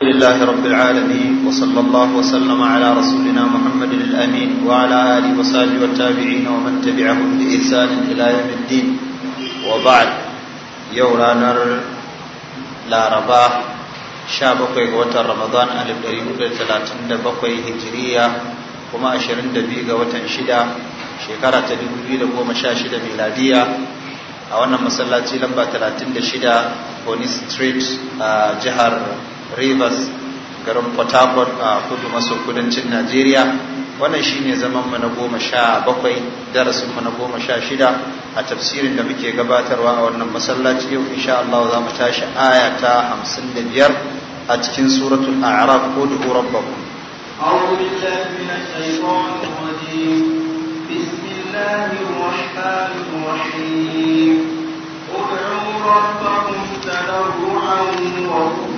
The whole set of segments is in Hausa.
الحمد لله رب العالمين وصلى الله وسلم على رسولنا محمد الأمين وعلى آله وصحبه والتابعين ومن تبعهم بإحسان إلى يوم الدين وبعد يورانا لا رباه شابك وتر رمضان ألف دريم ثلاثين دبقي هجرية وما أشرين دبيقة وتنشدة شكرة دبيقة ومشاشدة ميلادية a wannan masallaci lamba 36 Bonny Street a jihar rivers garin port harcourt a kudu maso kudancin najeriya wannan shine mu na goma sha bakwai darasin mu na goma sha shida a tafsirin da muke gabatarwa a wannan masallaci yau insha Allah za mu tashi aya ta hamsin da biyar a cikin suratul a'raf ko rabbakum أعوذ بالله من الشيطان الرجيم بسم الله الرحمن الرحيم ادعوا ربكم تضرعا وخفيا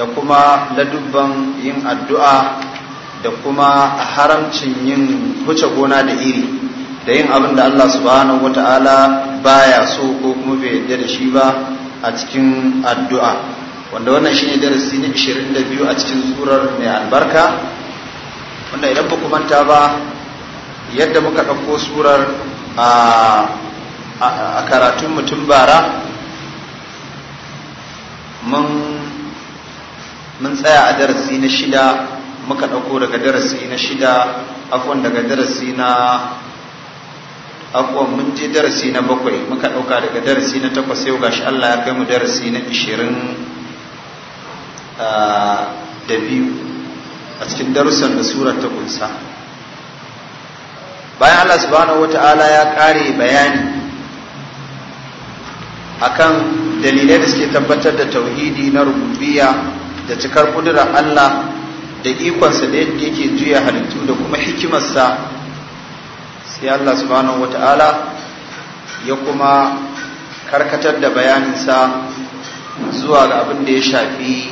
da kuma ladubban yin addu'a da kuma haramcin yin huce gona da iri da yin abin da Allah subhanahu wata'ala baya so ko kuma bai yarda da shi ba a cikin addu'a wanda wannan shine darasi na 22 a cikin surar mai albarka wanda idan ba manta ba yadda muka ɗauko surar a karatun mutum bara mun mun tsaya a darasi na shida muka ɗauko daga darasi na shida afon daga darasi na afwan mun je darasi na bakwai muka ɗauka daga darasi na takwas yau gashi Allah ya kai mu darasi na ishirin ah, da biyu a cikin darussan da surar ta kunsa bayan Allah wata Ala ya ƙare bayani akan dalilai da suke tabbatar da tauhidi na rububiyya da cikar kudurar Allah da ikonsa da yadda yake juya halittu da kuma hikimarsa sai Allah subhanahu wata'ala ya kuma karkatar da bayaninsa zuwa ga abin da ya shafi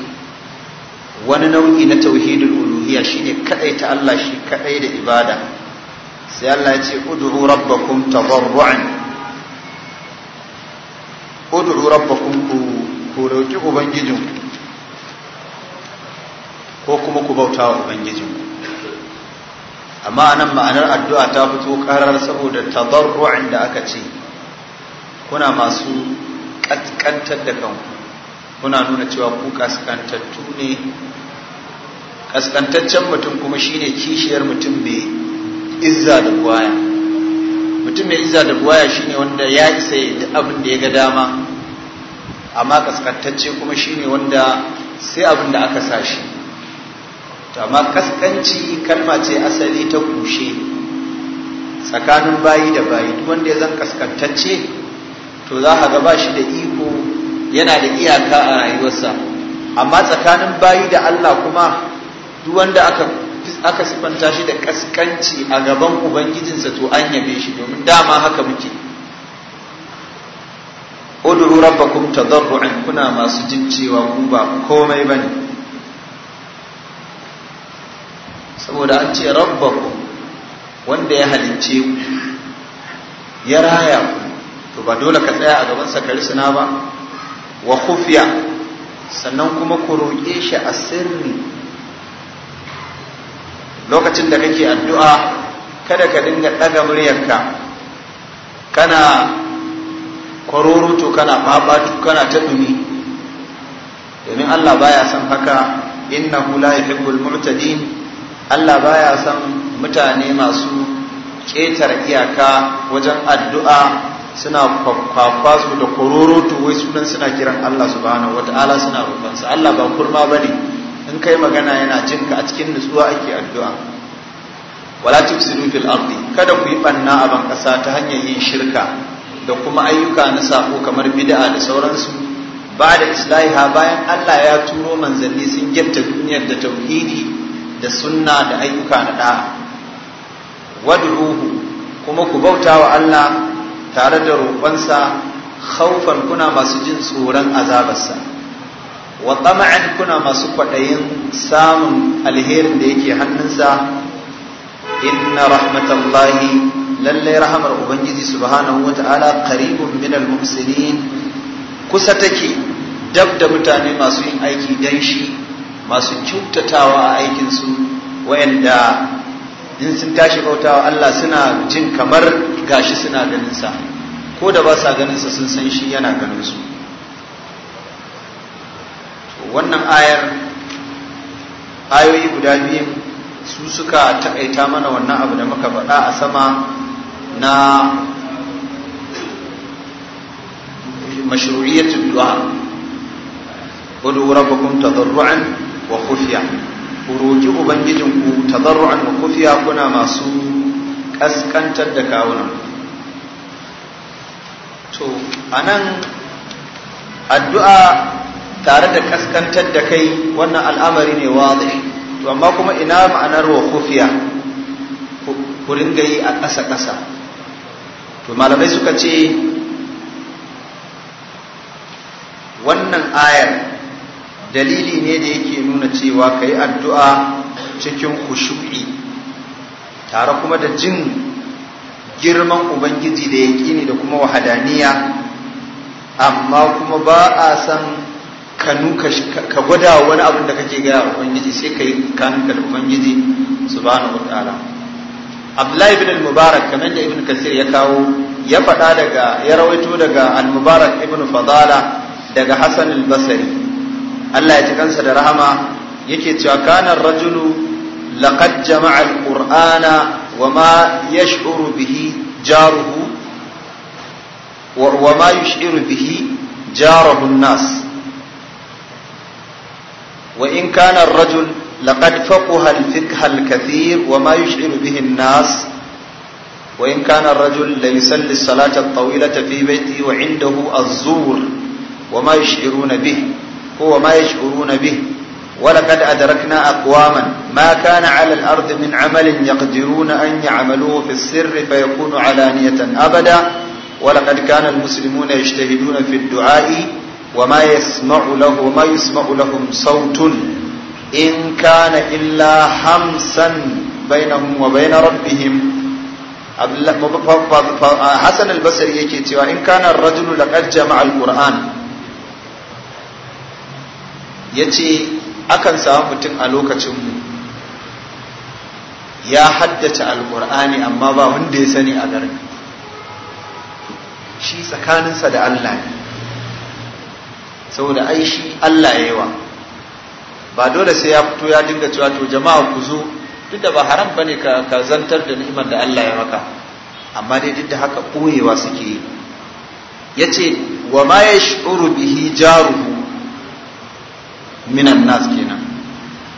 wani nau'i na tauhidul uluhiyya shine kadai ta Allah shi kadai da ibada sai Allah ya ce ud'u rabbakum tadarruan ud'u rabbakum ku roki ubangijinku ko kuma ku bauta wa ubangijinku amma anan ma'anar addu'a ta fito karar saboda tadarru'in da aka ce kuna masu kaskantar da kanku kuna nuna cewa ku kaskantattu ne kaskantaccen mutum kuma shine kishiyar mutum mai izza da buwaya mutum mai izza da buwaya shine wanda ya isa ya abin da ya ga dama amma kaskantacce kuma shine wanda sai abin da aka sa shi to amma kaskanci kalma ce asali ta kushe tsakanin bayi da bayi duk wanda ya zan kaskantacce to za ka ga ba shi da iko yana da iyaka a rayuwarsa amma tsakanin bayi da Allah kuma duk wanda aka aka sifanta shi da kaskanci a gaban ubangijinsa to an yabe shi domin dama haka muke ud'u rabbakum tadarruan kuna masu jin cewa ku ba komai bane saboda an ce rabbaku wanda ya halicce ku ya raya ku to ba dole ka tsaya a gaban sa suna ba wa kufiya. sannan kuma ku roƙe shi a sirri lokacin da kake addu'a kada ka dinga ɗaga muryarka kana kwaroruto kana babatu kana ta dumi domin Allah baya son haka innahu la yuhibbul mu'tadin Allah baya san mutane masu ƙetar iyaka wajen addu'a suna kwakwa su da kororoto wai sunan suna kiran Allah subhanahu wata'ala suna roƙonsa Allah ba kurma bane in kai magana yana jinka a cikin nutsuwa ake addu'a wala tufsidu fil ardi kada ku yi banna a ban ta hanyar yin shirka da kuma ayyuka na sako kamar bid'a da sauransu ba da islahiha bayan Allah ya turo manzanni sun gyarta duniyar da tauhidi da sunna da ayyuka na da'a wadruhu kuma ku bauta wa Allah tare da roƙonsa khaufan kuna masu jin tsoron azabarsa wa tama'an kuna masu kwaɗayin samun alherin da yake hannunsa inna rahmatallahi lallai rahamar ubangiji subhanahu wata'ala qaribun minal muhsinin kusa take dab da mutane masu yin aiki dan shi masu cutatawa a aikinsu wayanda in sun tashi bautawa Allah suna jin kamar gashi suna ganin sa ko da ba sa ganin sa sun san shi yana ganin su wannan ayar ayoyi guda biyu su suka takaita mana wannan abu da muka faɗa a sama na mashruriyatul du'a ودعوا rabbukum tadarru'an wa kufiya ku roki ubangijinku tadarru'an wa kufiya kuna masu kaskantar da kawuna, to anan addu'a tare da kaskantar da kai wannan al'amari ne wazi to amma kuma ina ma'anar wa kufiya ku ringa yi a ƙasa ƙasa to malamai suka ce wannan ayar dalili ne da yake nuna cewa ka yi addu'a cikin kushu'i tare kuma da jin girman ubangiji da yaƙini da kuma wahadaniya amma kuma ba a san kanu ka gwada wani abin da kake gaya ubangiji sai ka yi kanunka da ubangiji ba na ta'ala abdullahi ibn al-mubarak kamar da ibn kasir ya kawo ya faɗa daga ya rawaito daga al-mubarak ibn fadala daga Hassan al-basri Allah ya ji kansa da rahama yake cewa kana rajulu laqad jama'a alqur'ana wama yash'uru bihi jaruhu wama yash'uru bihi jaruhu an-nas wa in kana ar-rajul laqad faqaha al-fiqh al-kathir wama yash'uru bihi an-nas وإن كان الرجل ليصلي الصلاة الطويلة في بيته وعنده الزور وما يشعرون bihi. هو ما يشعرون به ولقد أدركنا أقواما ما كان على الأرض من عمل يقدرون أن يعملوه في السر فيكون علانية أبدا ولقد كان المسلمون يجتهدون في الدعاء وما يسمع له وما يسمع لهم صوت إن كان إلا حمسا بينهم وبين ربهم حسن البصري يكي إن كان الرجل لقد جمع القرآن ya ce akan samu mutum a lokacinmu ya haddace alkur'ani amma ba wanda ya sani a garin shi tsakaninsa da Allah ne saboda ai shi Allah yawa ba dole sai ya fito ya dinga cewa to jama'a ku zo duk da ba haram bane ka ka zantar da ni'imar da Allah ya maka amma dai duk da haka koyewa suke yi yace wa ma yash'uru bihi jaruhu minan nas kenan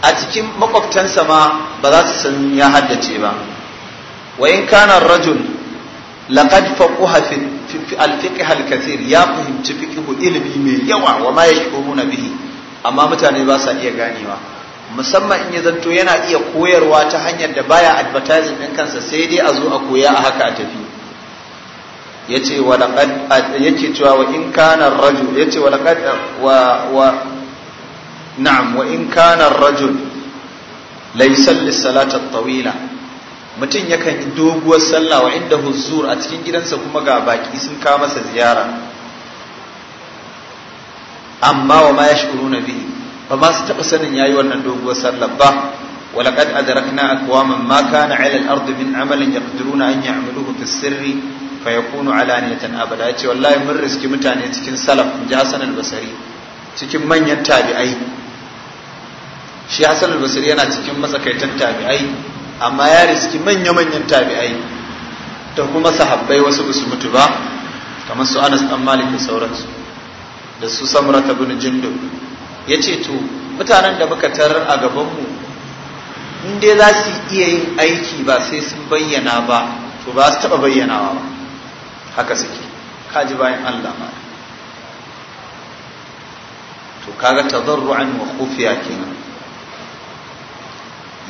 a cikin makwabtansa ma ba za su san ya haddace ba wa in kana rajul laqad faquha fi al-fiqh al-kathir ya fahimci fiqh ilimi mai yawa wa ma yashkuruna bihi amma mutane ba sa iya ganewa musamman in ya zanto yana iya koyarwa ta hanyar da baya advertising ɗin kansa sai dai a zo a koya a haka a tafi yace wa laqad yace cewa wa in kana rajul yace wa laqad wa na'am, wa'in kana rajul lai sallisa latar tsawila, mutum yakan yi doguwar sallah, wa'in da huzur a cikin gidansa kuma ga baki sun kama masa ziyara, amma wa mayash kuru na biyu, ba masu taɓa sanin yayi wannan doguwar sallah ba, wani kadai a darakna akwamin ma kana cayalar ardumin amina ya ƙaddaruna in ya aminu muka sirri faya kunu cala niyya sana'a, da ce wallahi mun riske mutane cikin salaf in basari cikin manyan tabi'ai. shi Hassan al-Basri yana cikin matsakaitan tabi'ai amma ya riski manya-manyan tabi'ai to kuma sahabbai wasu ba su mutu ba kamar su Anas dan Malik da sauransu da su Samra ibn Jundub yace to mutanen da muka tarar a gaban in dai za su iya yin aiki ba sai sun bayyana ba to ba su taba bayyanawa ba haka suke kaji bayan Allah ma to kaga tadarru'an wa khufiya kenan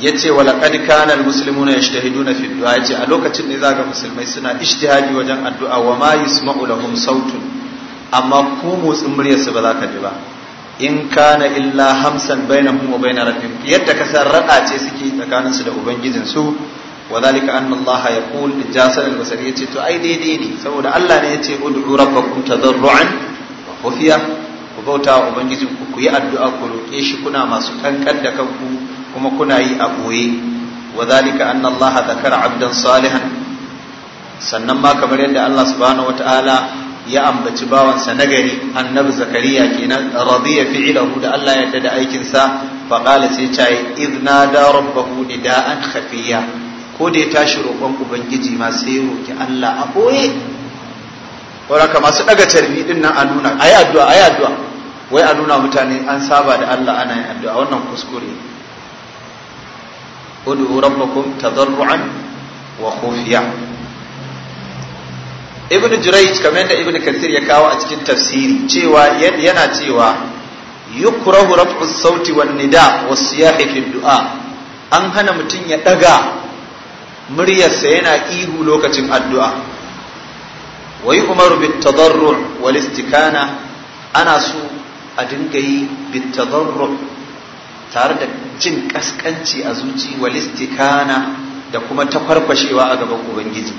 yace wa laqad kana almuslimuna na fi du'a yace a lokacin ne zaga musulmai suna ijtihadi wajen addu'a wa ma yasma'u lahum sautun amma ko motsin muryarsu ba za ka ji ba in kana illa hamsan bainahum wa bain rafin yadda ka san ce suke tsakanin su da ubangijin su wa zalika anna allaha yaqul jasal al-basari yace to ai daidai ne saboda Allah ne yace ud'u rabbakum tadarruan wa khufiya ku bauta wa ubangijin ku ku yi addu'a ku roke shi kuna masu kankan da kanku kuma kuna yi a ɓoye wa zalika anna Allah zakara abdan salihan sannan ma kamar yadda Allah subhanahu wataala ya ambaci bawansa nagari annabi zakariya kenan radiya fi'lahu da Allah ya da aikin sa fa qala sai ta idna da rabbahu nida'an khafiya ko da ya tashi roƙon ubangiji ma sai roki Allah a boye waraka masu daga tarbi din nan a nuna ayi addu'a ayi addu'a wai a nuna mutane an saba da Allah ana yin addu'a wannan kuskure ud'u rabbakum tadarruan wa khufiya ibnu jurayj kamar da ibnu kathir ya kawo a cikin tafsiri cewa yana cewa yukrahu raf'u sauti wan nida was siyahi fi du'a an hana mutum ya daga muryarsa yana ihu lokacin addu'a wa yi bit tadarru wal istikana ana so a dinga yi bit tadarru tare da jin kaskanci a zuci walistikana da kuma takwarkwashewa a gaban ubangiji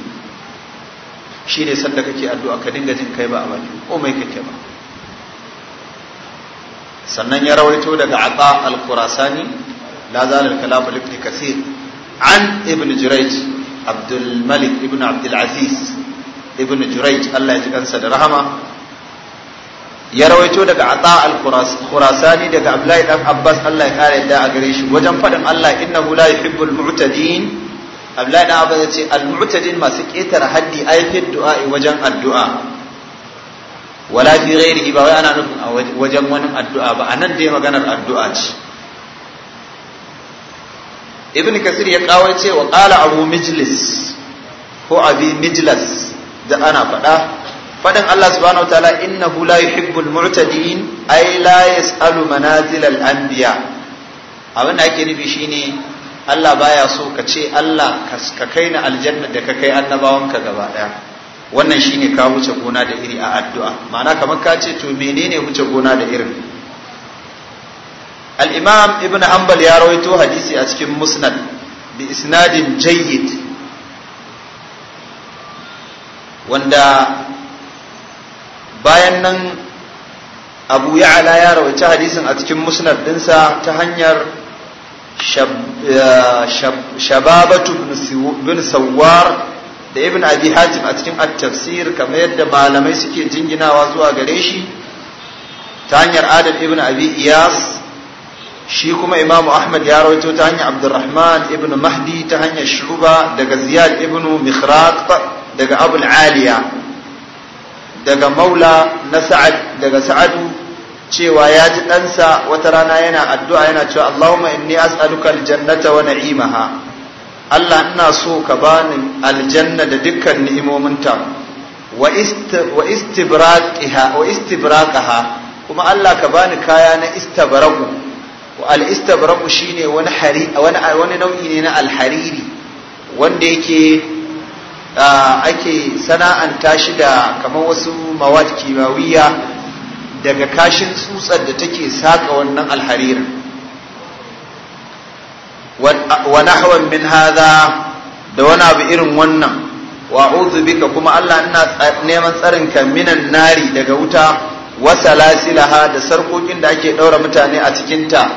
shi ne sanda kake addu'a ka dinga jin kai ba a baki mai kake ba sannan ya rawaito daga aqa al-qurasani la zalal kalam ibn kathir an ibn jurayj abdul malik ibn abdul aziz ibn jurayj Allah ya ji kansa da rahama ya rawaito daga ata al-khurasani daga abdullahi dan abbas Allah ya kare da a gare shi wajen fadin Allah innahu la yuhibbul mu'tadin abdullahi dan abbas yace al-mu'tadin masu ketare haddi ayyukan du'a wajen addu'a wala fi ghairihi ba wai ana nufin a wajen wani addu'a ba anan dai maganar addu'a ce ibn kasir ya kawo ce wa qala abu mijlis ko abi mijlas da ana faɗa Faɗin Allah subhanahu wataala innahu la yuhibbul mu'tadin ay la yas'alu manazil al anbiya abin da ake nufi shine Allah baya so ka ce Allah ka kai na aljanna da ka kai annabawanka gaba daya wannan shine ka wuce gona da iri a addu'a ma'ana kamar ka ce to menene huce gona da irin al-imam ibnu hanbal ya rawaito hadisi a cikin musnad bi isnadin jayyid wanda bayan nan abu ala ya rawaci hadisin a cikin musnad dinsa ta hanyar shababatu bin sawar da ibn abi hatim a cikin at-tafsir kamar yadda malamai suke jinginawa zuwa gare shi ta hanyar adam ibn abi iyas shi kuma imamu ahmad ya rawaito ta hanyar abdurrahman ibn mahdi ta hanyar shuba daga ziyad ibn mikhraq daga abul aliya daga maula na sa'ad daga sa'adu cewa ya ji ɗansa wata rana yana addu'a yana cewa Allahumma inni as'aluka aljannata wa na'imaha Allah ina so ka bani aljanna da dukkan ni'imominta wa istibraqiha wa istibraqaha kuma Allah ka bani kaya na istabraqu wa al istabraqu shine wani hari wani nau'i ne na alhariri wanda yake ake sana'anta shi da kamar wasu mawad kimawiya daga kashin tsutsar da take saka wannan alharirin Wani hawan min haza da wani abu irin wannan wa a'udhu bika kuma Allah ina neman tsarin ka minan nari daga wuta wa salasilaha da sarkokin da ake ɗaura mutane a cikin ta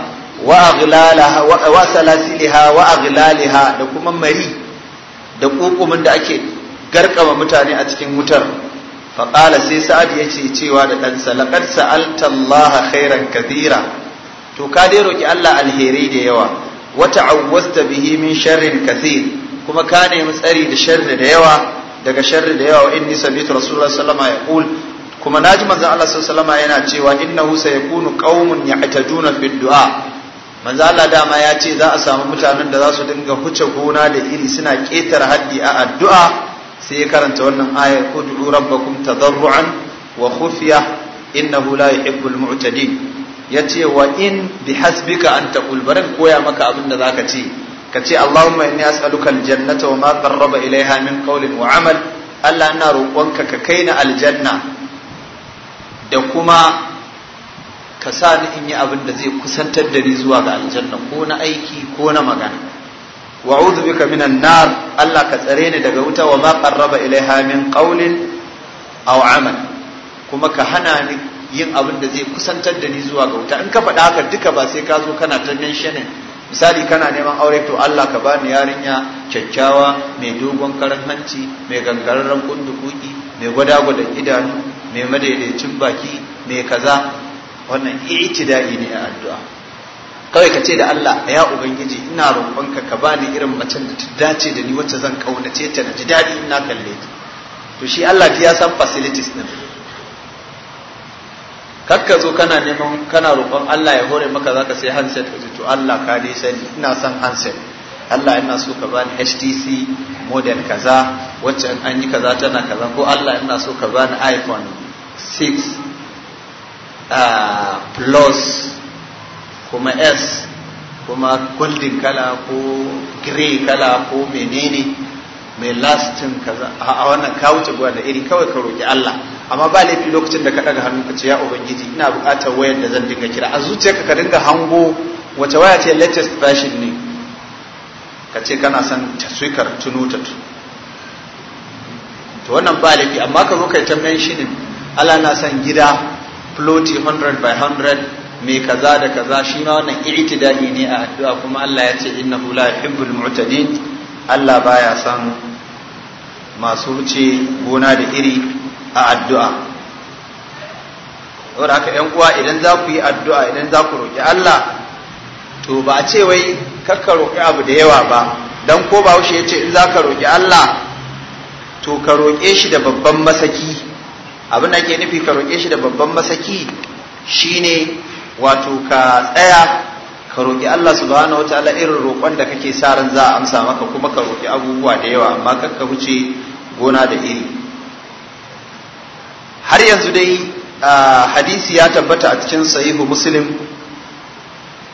wa aghlalaha wa wa da kuma mari da ƙuƙumin da ake garkama mutane a cikin wutar faƙala sai sa'ad ya ce cewa da ɗansa laƙar sa'alta Allah khairan kabira to ka dai roƙi Allah alherai da yawa wata awwasta bihi min sharrin kathir kuma ka nemi tsari da sharri da yawa daga sharri da yawa inni sabitu rasulullah sallallahu alaihi wasallam ya kuma naji manzon Allah sallallahu alaihi wasallam yana cewa innahu sayakunu qaumun ya'taduna bid du'a manzo Allah dama ya ce za a samu mutanen da za su dinga huce gona da iri suna ƙetar haddi a addu'a sai ya karanta wannan ayar du'u rabbakum tadarruan wa khufiya innahu la yuhibbul mu'tadin yace wa in bihasbika an taqul baran koya maka abin da zaka ce ka ce Allahumma inni as'aluka aljannata wa ma qarraba ilayha min qawlin wa amal Allah ina roƙonka ka kaina aljanna da kuma ka sa ni in yi abin da zai kusantar da ni zuwa ga aljanna ko na aiki ko na magana wa a'udhu bika minan nar Allah ka tsare ni daga wuta wa ma qarraba ilaiha min qawlin aw amal kuma ka hana ni yin abin da zai kusantar da ni zuwa ga wuta in ka faɗa haka duka ba sai ka zo kana ta ne misali kana neman aure to Allah ka bani yarinya kyakkyawa mai dogon karan hanci mai gangararren kundukuki mai gwada gwada idanu mai madaidaicin baki mai kaza wannan i'tida'i ne a addu'a kawai ka ce da Allah ya ubangiji ina roƙonka ka bani irin macen da ta dace da ni wacce zan kaunace ta na ji daɗi ina kalle ta to shi Allah ya san facilities din kakka zo kana neman kana roƙon Allah ya hore maka zaka sai handset ka to Allah ka dai sani ina son handset Allah ina so ka bani HTC model kaza wacce an yi kaza tana kaza ko Allah ina so ka bani iPhone 6 plus kuma s kuma golden kala ko gray kala ko menene mai lastin kaza a wannan ka wuce da iri kawai ka roki Allah amma ba laifi lokacin da ka daga hannu ka ce ya ubangiji ina buƙatar wayar da zan dinga kira a zuciyarka ka dinga hango wace waya ce latest fashion ne ka ce kana son taswikar tuno ta to wannan ba laifi amma ka zo kai ta mentioning Allah na son gida floti 100 by 100 mai kaza da kaza shi ma wannan i'tidali ne a addu'a kuma Allah ya ce innahu la yuhibbul mu'tadin Allah baya son masu wuce gona da iri a addu'a saboda haka yan uwa idan za ku yi addu'a idan za ku roƙi Allah to ba a ce wai kakka roƙi abu da yawa ba dan ko ba ya ce in za ka roƙi Allah to ka roƙe shi da babban masaki abin da ke nufi ka roƙe shi da babban masaki shine wato ka tsaya ka roƙi Allah subhanahu wataala irin roƙon da kake sa ran za a amsa maka kuma ka roƙi abubuwa da yawa amma kar ka wuce gona da iri har yanzu dai hadisi ya tabbata a cikin sahihu muslim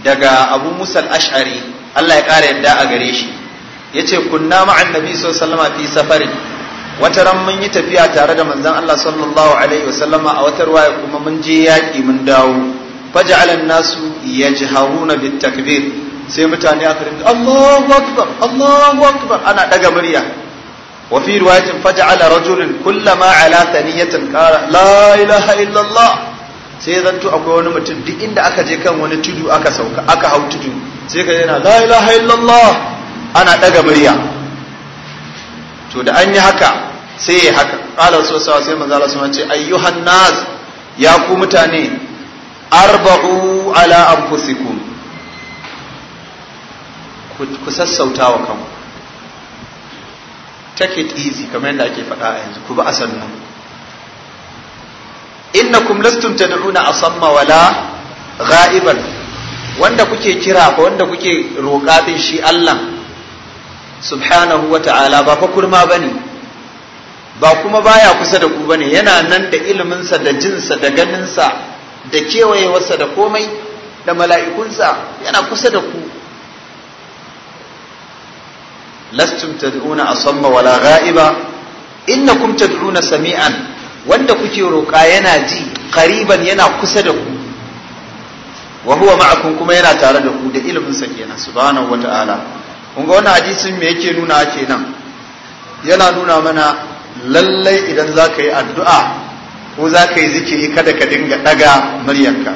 daga abu musal ash'ari Allah ya ƙara yadda a gare shi yace kunna ma'an nabi sallallahu alaihi wasallam fi safarin wata ran mun yi tafiya tare da manzon Allah sallallahu alaihi wasallama a wata ruwaya kuma mun je yaƙi mun dawo faja'ala an-nasu yajharuna bit-takbir sai mutane aka rinka Allahu akbar Allahu akbar ana daga murya wa fi riwayatin faja'ala rajulun kullama ala thaniyatin qala la ilaha illa Allah sai zanto akwai wani mutum duk inda aka je kan wani tudu aka sauka aka hau tudu sai ka yana la ilaha illa Allah ana daga murya to da an yi haka sai ya haka qala rasulullah sai manzo Allah sun ce ayyuhan nas ya ku mutane arba'u ala anfusikum ku sassauta wa kanku take it easy kamar yadda ake faɗa a yanzu ku ba asan nan innakum lastum tad'una asamma wala ghaiban wanda kuke kira ko wanda kuke roƙa din shi Allah subhanahu wa ta'ala ba fa kurma bane ba kuma baya kusa da ku bane yana nan da iliminsa da jinsa da ganinsa da kewayewarsa da komai da mala'ikunsa yana kusa da ku lastum tad'una asamma wala gha'iba innakum tad'una sami'an wanda kuke roƙa yana ji qariban yana kusa da ku wa huwa ma'akum kuma yana tare da ku da sa kenan subhanahu wata'ala kun ga wannan hadisin me yake nuna kenan yana nuna mana lallai idan za ka yi addu'a ko za ka yi zikiri kada ka dinga ɗaga muryarka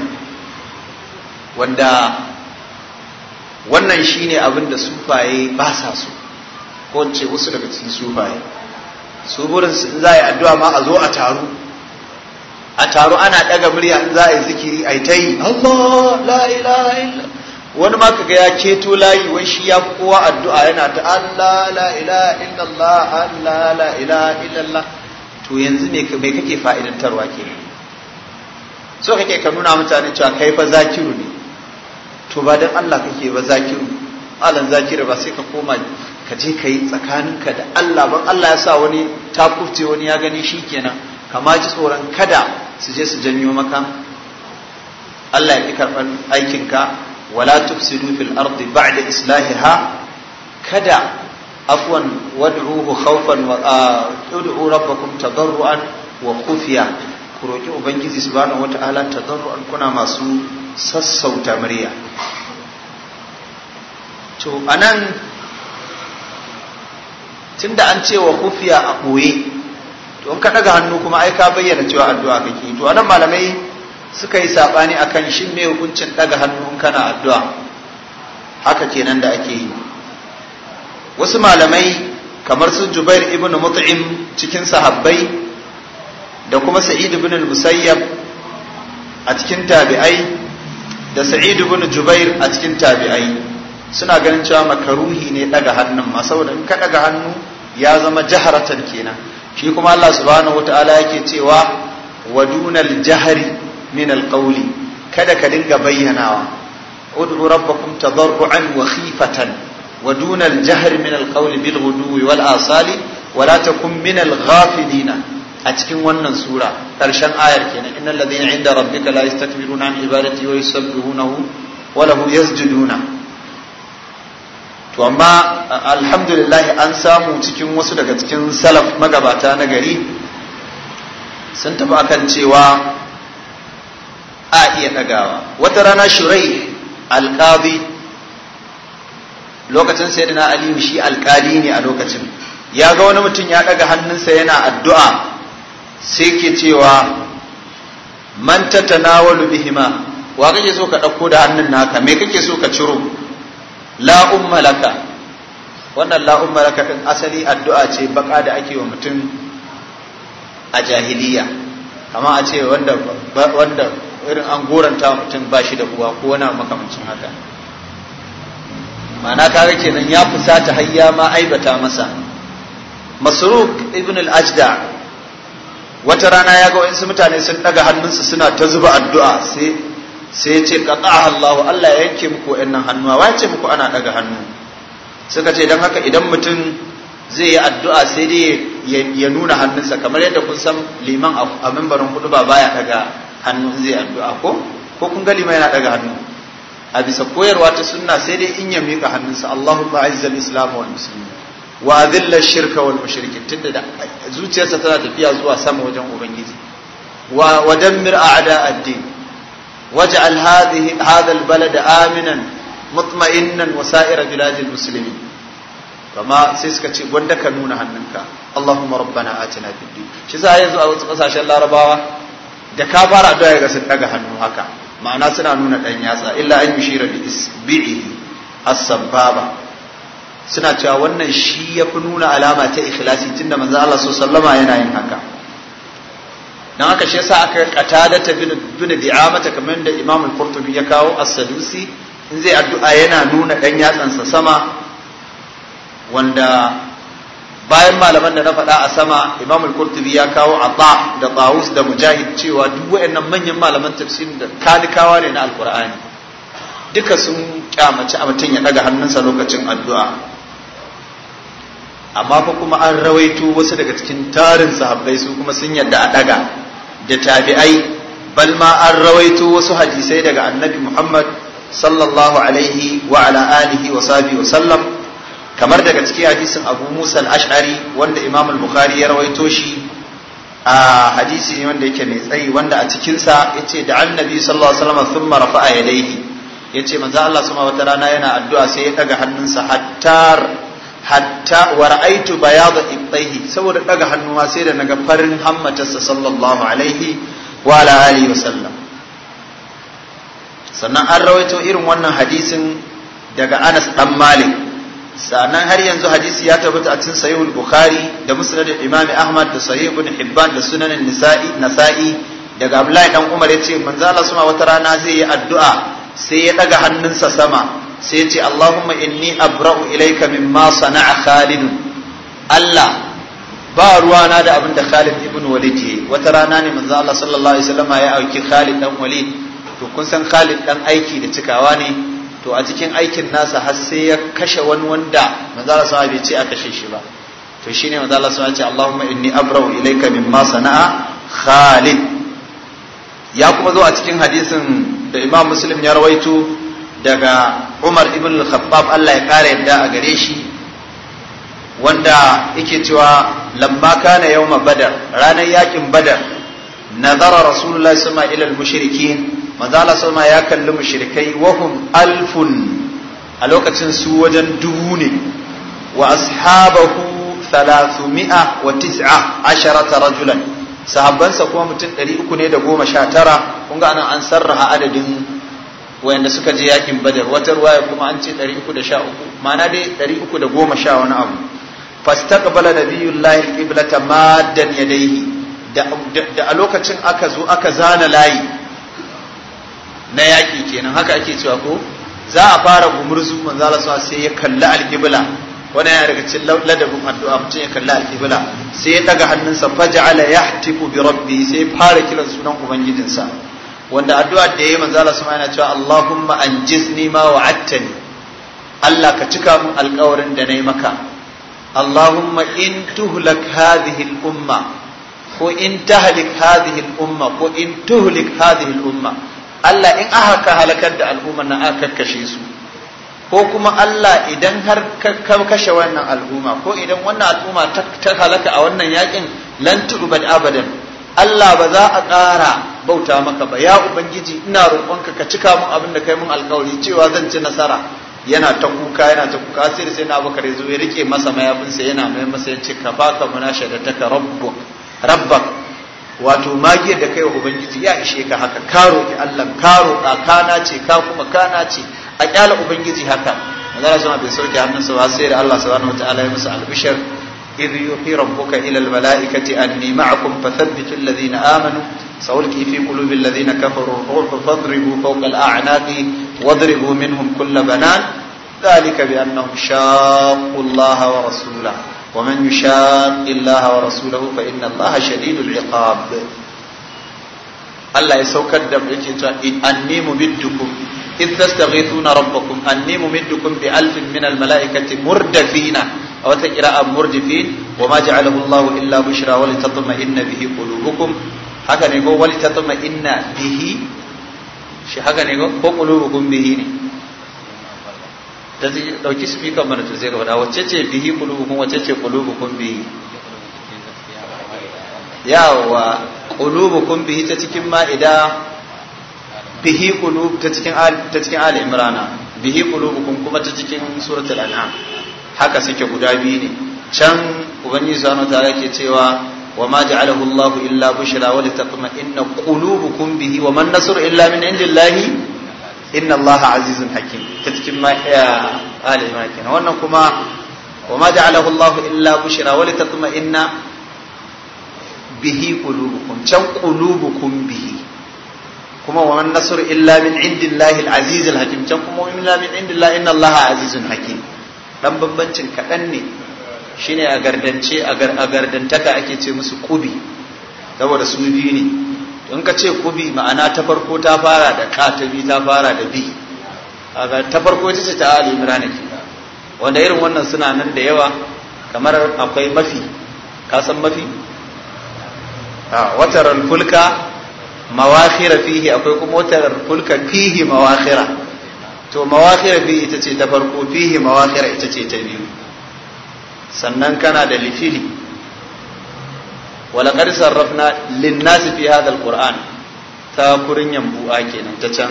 wanda wannan shine abin da sufaye ba sa so ko ce wasu daga cikin sufaye su burin in za a yi addu'a ma a zo a taru a taru ana ɗaga murya za a yi zikiri a yi ta yi Allah la wani ma kaga ya ceto layi wai shi ya kowa addu'a yana ta Allah la ilaha illallah Allah la ilaha illallah to yanzu me me kake fa'idantarwa ke so kake ka nuna mutane cewa kai fa zakiru ne to ba dan Allah kake ba zakiru alan zakira ba sai ka koma ka je ka tsakaninka da Allah ban Allah ya sa wani ta kufce wani ya gani shi kenan kama ji tsoron kada su je su janyo maka Allah ya ƙi karɓar aikinka wala tufsidu fil ardi ba'da ha, kada afwan wad'uhu khawfan wa ud'u rabbakum tadarruan wa khufiya ku roki ubangiji subhanahu wata'ala tadarruan kuna masu sassauta murya to anan tunda an ce wa a boye to in ka ɗaga hannu kuma ai ka bayyana cewa addu'a kake to anan malamai suka yi saɓani a kan shi mai hukuncin ɗaga hannu in kana addu'a haka kenan da ake yi wasu malamai kamar su jubair ibn mut'im cikin sahabbai da kuma sa'id ibn musayyab a cikin tabi'ai da sa'id ibn jubair a cikin tabi'ai suna ganin cewa makaruhi ne ɗaga hannun ma saboda in ka ɗaga hannu ya zama jaharatan kenan shi kuma Allah subhanahu wataala yake cewa wa dunal jahari min alqawli kada ka dinga bayyanawa ud'u rabbakum tadarruan wa khifatan wa duna al min alqawli bil ghudwi wal asali wa la takun min al a cikin wannan sura ƙarshen ayar kenan innal ladina inda rabbika la yastakbiruna an ibadati wa yusabbihunahu wa lahu yasjuduna to amma alhamdulillah an samu cikin wasu daga cikin salaf magabata na gari sun tafi akan cewa a iya ɗagawa wata rana shurai alƙadi lokacin sai na alimu shi alƙali ne a lokacin ya ga wani mutum ya ɗaga hannunsa yana addu'a sai ke cewa man tatanawalu bihima wa kake so ka ɗauko da hannun naka me kake so ka ciro la umma wannan la umma laka din asali addu'a ce baka da ake wa mutum a jahiliya kama a ce wanda wanda irin an goranta mutum ba shi da uwa ko wani makamancin haka ma'ana kaga kenan ya fusata har ya ma aibata masa masruk ibn al-ajda wata rana ya ga wasu mutane sun daga hannunsu suna ta zuba addu'a sai sai ya ce qata'a Allah Allah ya yanke muku wannan hannuwa wai ce muku ana daga hannu suka ce dan haka idan mutum zai yi addu'a sai dai ya nuna hannunsa kamar yadda kun san liman a mimbarin hudu ba baya daga hannu in zai addu'a ko ko kun ga liman yana daga hannu a bisa koyarwa ta sunna sai dai in ya miƙa hannunsa Allahu Allahumma al islam wal muslimin wa adilla shirka wal mushrikin tunda da zuciyarsa tana tafiya zuwa sama wajen ubangiji wa wadammir a'da ad-din waj'al hadhihi hadha al-balad aminan mutma'innan wa sa'ir bilad al-muslimin kama sai suka ce gwanda ka nuna hannunka Allahumma rabbana atina fid din shi sai yanzu a wasu kasashen larabawa da ka fara addu'a ga sun daga hannu haka ma'ana suna nuna dan yatsa illa an yushira bi isbihi as-sababa suna cewa wannan shi yafi nuna alama ta ikhlasi tunda manzo Allah sallallahu alaihi yana yin haka dan haka shi yasa aka da ta bin bin di'amata kamar da Imam al-Qurtubi ya kawo as-Sadusi in zai addu'a yana nuna dan yatsansa sama wanda bayan malaman da na faɗa a sama Imam al qurtubi ya kawo ata da tawus da mujahid cewa duk wayannan manyan malaman tafsir da kalikawa ne na alqur'ani duka sun kyamaci a mutum ya daga hannunsa lokacin addu'a amma fa kuma an rawaito wasu daga cikin tarin sahabbai su kuma sun yarda a daga da tabi'ai bal ma an rawaito wasu hadisai daga annabi muhammad sallallahu alaihi wa ala alihi wa sahbihi wa sallam kamar daga cikin hadisin abu musa al-ash'ari wanda imam al-bukhari ya rawaito shi a hadisi ne wanda yake mai tsayi wanda a cikinsa ya ce da annabi sallallahu alaihi wasallam thumma rafa'a yadayhi ya ce manzo Allah sama wata rana yana addu'a sai ya daga hannunsa hatta hatta wa ra'aytu bayada ibtayhi saboda daga hannuwa sai da naga farin hammatarsa sallallahu alaihi wa ala alihi wasallam sannan an rawaito irin wannan hadisin daga Anas dan Malik sannan har yanzu hadisi ya tabbata a cikin sahihul bukhari da musnad Imami ahmad da sahih ibn hibban da sunan nisa'i nasa'i daga abdullahi dan umar yace manzo Allah suma wata rana zai yi addu'a sai ya daga hannunsa sama sai ya ce allahumma inni abra'u ilayka mimma sana'a khalid Allah ba ruwana da abinda Khalid ibn Walid yi wata rana ne manzo Allah sallallahu alaihi wasallam ya auki Khalid dan Walid to kun san Khalid dan aiki da cikawa ne to a cikin aikin nasa har sai ya kashe wani wanda manzo Allah sama bai ce a kashe shi ba to shine manzo Allah sama ya ce Allahumma inni abrau ilayka mimma sana'a Khalid ya kuma zo a cikin hadisin da Imam Muslim ya rawaito daga Umar ibn al-Khattab Allah ya kare yadda a gare shi wanda yake cewa lamma kana yawma badar ranar yakin badar nazara rasulullahi wasallam ila al-mushrikin manzo Allah ya kalli mushrikai wahum alfun a lokacin su wajen dubu ne wa ashabahu mi'a wa tis'a asharata rajulan sahabbansa kuma mutum ɗari uku ne da goma sha tara kun ga anan an sarraha adadin wanda suka je yakin badar wata ruwaya kuma an ce 313 ma'ana dai 310 wani abu fastaqbala nabiyullahi qiblata maddan yadayhi da a lokacin aka zo aka zana layi na yaƙi kenan haka ake cewa ko za a fara gumurzu manzo su sai ya kalli alqibla wani ya daga cikin ladabin addu'a mutum ya kalli alqibla sai ya daga hannunsa faj'ala yahtiku bi rabbi sai ya fara kiran sunan ubangijinsa wanda addu'a da yayi manzo su yana cewa Allahumma anjizni ma wa'adtani Allah ka cika mun alƙawarin da yi maka Allahumma in tuhlak hadhihi al-umma ko in tahlik hadhihi al-umma ko in tuhlik hadhihi al-umma Allah in aka halakar da al'ummar nan aka kashe su ko kuma Allah idan har ka kashe wannan al'umma ko idan wannan al'umma ta halaka a wannan yakin lan tu'bad abadan Allah ba za a ƙara bauta maka ba ya ubangiji ina roƙonka ka cika mun abin da kai mun alƙawari cewa zan ci nasara yana ta kuka yana ta kuka sai sai na bakare zo ya rike masa mayafinsa yana mai masa ya ce ka baka munashada da taka rabbuk wato magiyar da kai wa ubangiji ya ishe ka haka karo roki Allah ka roƙa kana ce ka kuma kana ce a kyala ubangiji haka manzara suna bai sauke hannunsa ba sai da Allah subhanahu wataala ya musu albishar idh yuhi rabbuka ila almalaikati anni ma'akum fathabbitu alladhina amanu سألقي في قلوب الذين كفروا الرعب فاضربوا فوق الأعناق واضربوا minhum كل بنان ذلك بأنهم شاقوا الله ورسوله ومن يشاق الله ورسوله فإن الله شديد العقاب الله يسوك الدم أني ممدكم إذ تستغيثون ربكم أني ممدكم بألف من الملائكة مردفين أو تقراء مردفين وما جعله الله إلا بشرى ولتطمئن به قلوبكم haka ne ko wali ta tuma inna bihi shi haka ne ko kulubukun bihi ne ta ji dauki speaker mana to zai ka faɗa wacce ce bihi qulubukum wacce ce qulubukum bihi yawa qulubukum bihi ta cikin ma'ida bihi qulub ta cikin ta cikin ali imrana bihi qulubukum kuma ta cikin suratul an'am haka suke guda biyu ne can ubangiji subhanahu ta'ala ke cewa wa ma ja'alahu Allahu illa bushra wa litaqma inna qulubukum bihi wa man nasru illa min indillahi inna Allah azizun hakim ta cikin ali makin wannan kuma wa ma ja'alahu Allah illa bushra wa inna bihi qulubukum can qulubukum bihi kuma wa man nasr illa min indillahi al-aziz al-hakim can kuma illa min indillahi inna Allah azizun hakim dan bambancin kadan ne shine a gardance a gardantaka ake ce musu kubi saboda su biyu ne in ka ce kubi ma'ana ta farko ta fara da ka ta bi ta fara da bi ta farko ita ce ta ali imran ke wanda irin wannan suna nan da yawa kamar akwai mafi ka san mafi a wataran fulka mawakhira fihi akwai kuma wataran fulka fihi mawakhira to mawakhira bi ita ce ta farko fihi mawakhira ita ce ta biyu sannan kana da lifili ولقد صرفنا للناس في هذا القران تا كورين يمبو اكينا تا تان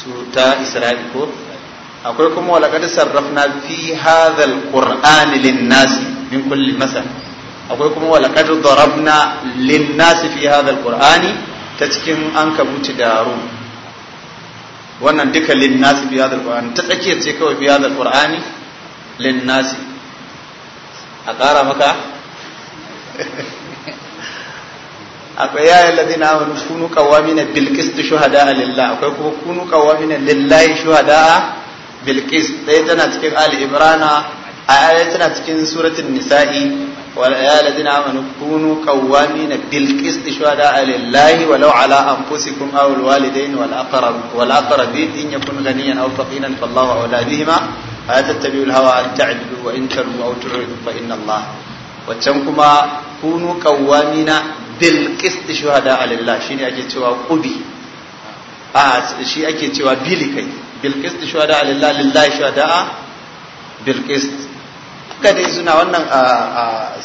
سوتا اسرائيل كو akwai kuma wala sarrafna fi hadhal qur'an lin min kulli masal akwai kuma wala kadi darabna lin nas fi ta cikin an ka buci daro wannan duka lin nas fi hadhal ta tsake ce kawai fi hadhal qur'an lin a kara maka akwai ya yi ladina amanu kunu qawamina bil qist shuhada lillah akwai kuma kunu qawamina lillahi shuhada a qist dai tana cikin ali imrana aya tana cikin suratul nisa'i wal ya ladina amanu kunu qawamina bil qist shuhada lillahi walau ala anfusikum aw al walidain wal aqrab wal aqrabin in yakun ghaniyan aw faqiran a awla bihima ألا تتبعوا الهوى أن تعدلوا وإن تلوا أو تعرضوا فإن الله وتم كما كونوا قوامين bil qist shuhada alillah shine ake cewa qubi a shi ake cewa bili kai bil qist shuhada alillah lillahi shuhada bil qist kada dai suna wannan a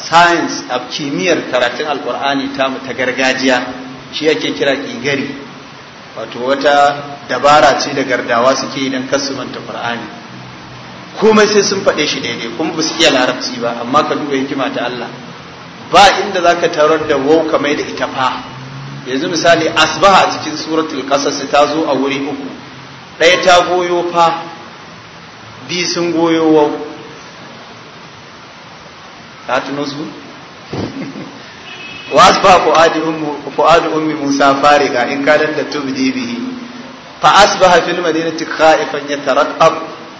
science of kimiyyar karatun alkur'ani ta mu ta gargajiya shi ake kira kigari wato wata dabara ce da gardawa suke yi don kasu manta qur'ani komai sai sun faɗe shi daidai kuma ba su iya larabci ba amma ka duba hikima ta Allah ba inda zaka tarar da wau mai da ita fa yanzu misali asbaha a cikin suratul qasas ta zo a wuri uku ɗaya ta goyo fa bi sun goyo wau ta tuno su wasba ummi musa fariga in kadan da tubdi bihi fa asbaha fil madinati khaifan yatarqab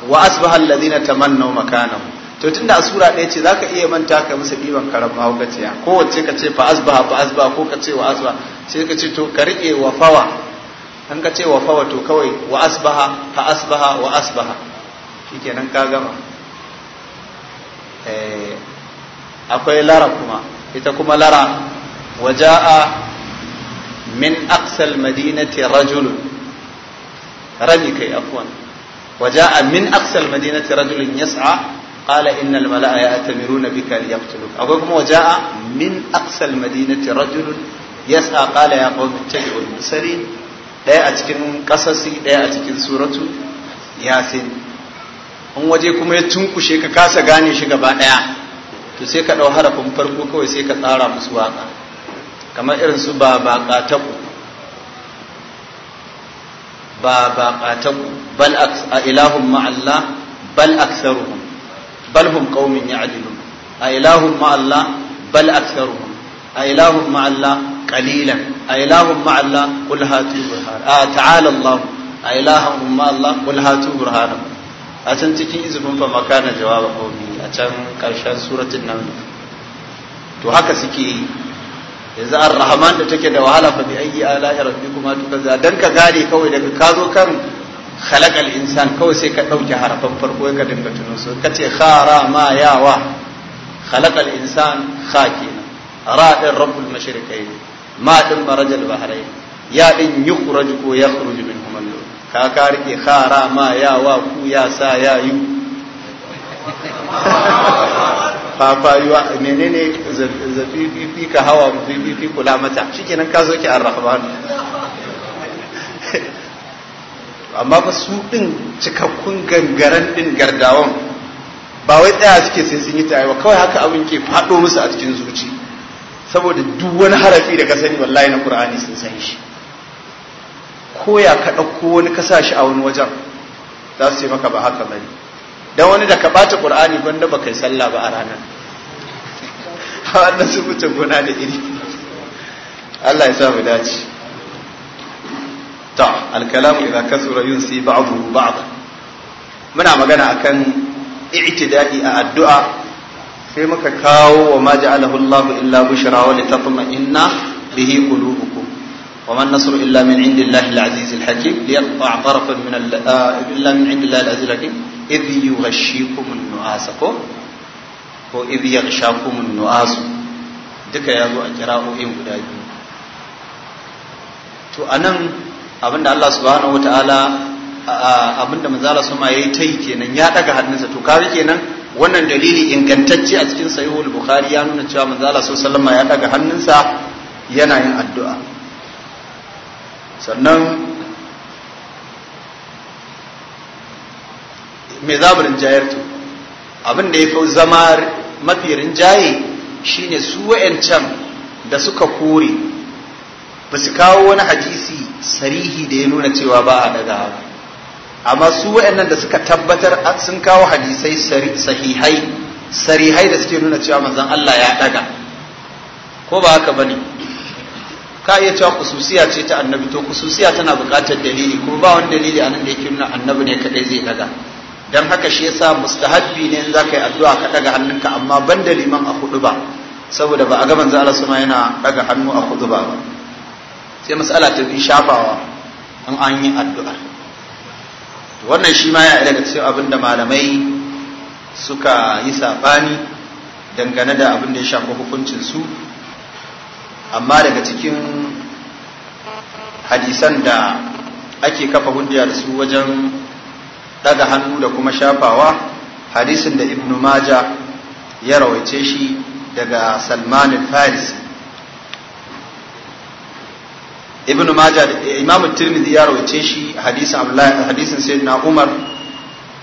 wa asbaha alladhina tamannaw makanahu to tun da asura ɗaya ce za ka iya manta ka musu ɗiban karam mahaukaciya kowace ka ce fa asbaha fa asbaha ko ka ce wa asbaha sai ka ce to ka riƙe wa fawa an ka ce wa fawa to kawai wa asbaha fa asbaha wa shi shikenan ka gama eh, akwai lara kuma ita kuma lara a min aqsal madinati rajulun rami kai afwan a min aqsal madinati rajulun yas'a qala innal mala'a ya'tamiruna bika liyaqtuluk akwai kuma waja'a min aqsal madinati rajulun yas'a qala ya qawmi ittabi'ul mursalin daya a cikin kasasi daya a cikin suratu yasin in waje kuma ya tunkushe ka kasa gane shi gaba daya to sai ka dau harafin farko kawai sai ka tsara musu waka kamar irin su ba ba qataku bal a ilahun ma'alla bal aksaruhum bal hum qaumin ya'dilun a ilahum ma Allah bal aktharuhum a ilahum ma Allah qalilan a ilahum ma Allah ta'ala Allah a ilahum ma Allah qul hatu a can cikin izubin fa makana jawaba qaumi a can karshen suratul nan to haka suke yi yanzu an rahman da take da wahala fa bi ayyi dan ka gare kawai daga ka zo kan khalaqal insan kawai sai ka ɗauke harafan farko ka dinga tuno su ka ce khara ma yawa khalaqal insan kha kenan ra din rabbul mashriqain ma din marajal bahrain ya din yukhraj ko yakhruj min humal ka ka rike khara ma yawa ku ya sa ya yu fafayuwa menene zafifi ka hawa kula mata shikenan ka zo ki arrahman amma ba su ɗin cikakkun gangaren ɗin gardawan ba wai tsaya suke sai sun yi tare ba kawai haka abin ke faɗo musu a cikin zuci saboda duk wani harafi da ka sani wallahi na qur'ani sun san shi ko ya ka ɗauko wani ka sa shi a wani wajen za su yi maka ba haka bane dan wani da ka ɓata qur'ani banda ba kai sallah ba a ranar wannan su wuce gona da iri Allah ya sa mu dace ta alkalamu idza kasura yunsi ba'dahu ba'd muna magana akan i'tida'i a addu'a sai muka kawo wa ma ja'alahu Allah illa bushra wa litatma'inna bihi qulubukum wa man nasru illa min indillahi al-aziz al-hakim liyaqta'a tarafan min illa min indillahi al-aziz al-hakim idh yughashshikum an-nu'asa ko duka yazo a kira'o'in guda biyu to anan abinda Allah subhanahu wataala abinda manzala sama yayi tai kenan ya daga hannunsa to kaga kenan wannan dalili ingantacce a cikin sahihul bukhari ya nuna cewa manzala sallallahu alaihi ya daga hannunsa yana yin addu'a sannan me za mu rinjayar to abin da ya fi zama mafi rinjaye shine su wa'ancan da suka kore ba kawo wani hadisi sarihi da ya nuna cewa ba a daga ba amma su waɗannan da suka tabbatar sun kawo hadisai sahihai sarihai da suke nuna cewa manzon Allah ya daga ko ba haka bane ka iya cewa kususiya ce ta annabi to kususiya tana buƙatar dalili kuma ba wani dalili a nan da yake nuna annabi ne kadai zai daga dan haka shi yasa mustahabbi ne in za yi addu'a ka daga hannunka amma ban da a hudu ba saboda ba a ga manzo Allah suma yana daga hannu a hudu ba sai matsala ta fi shafawa in an yi addu'ar wannan shi ma ya yi daga cikin abin da malamai suka yi saɓani dangane da abin da ya shafi hukuncinsu amma daga cikin hadisan da ake kafa hujja su wajen daga hannu da kuma shafawa hadisin da ibnu maja ya rawaice shi daga salman al-farisi ibn majah imam tirmidhi ya rawace shi hadisin abdullahi hadisin sayyidina umar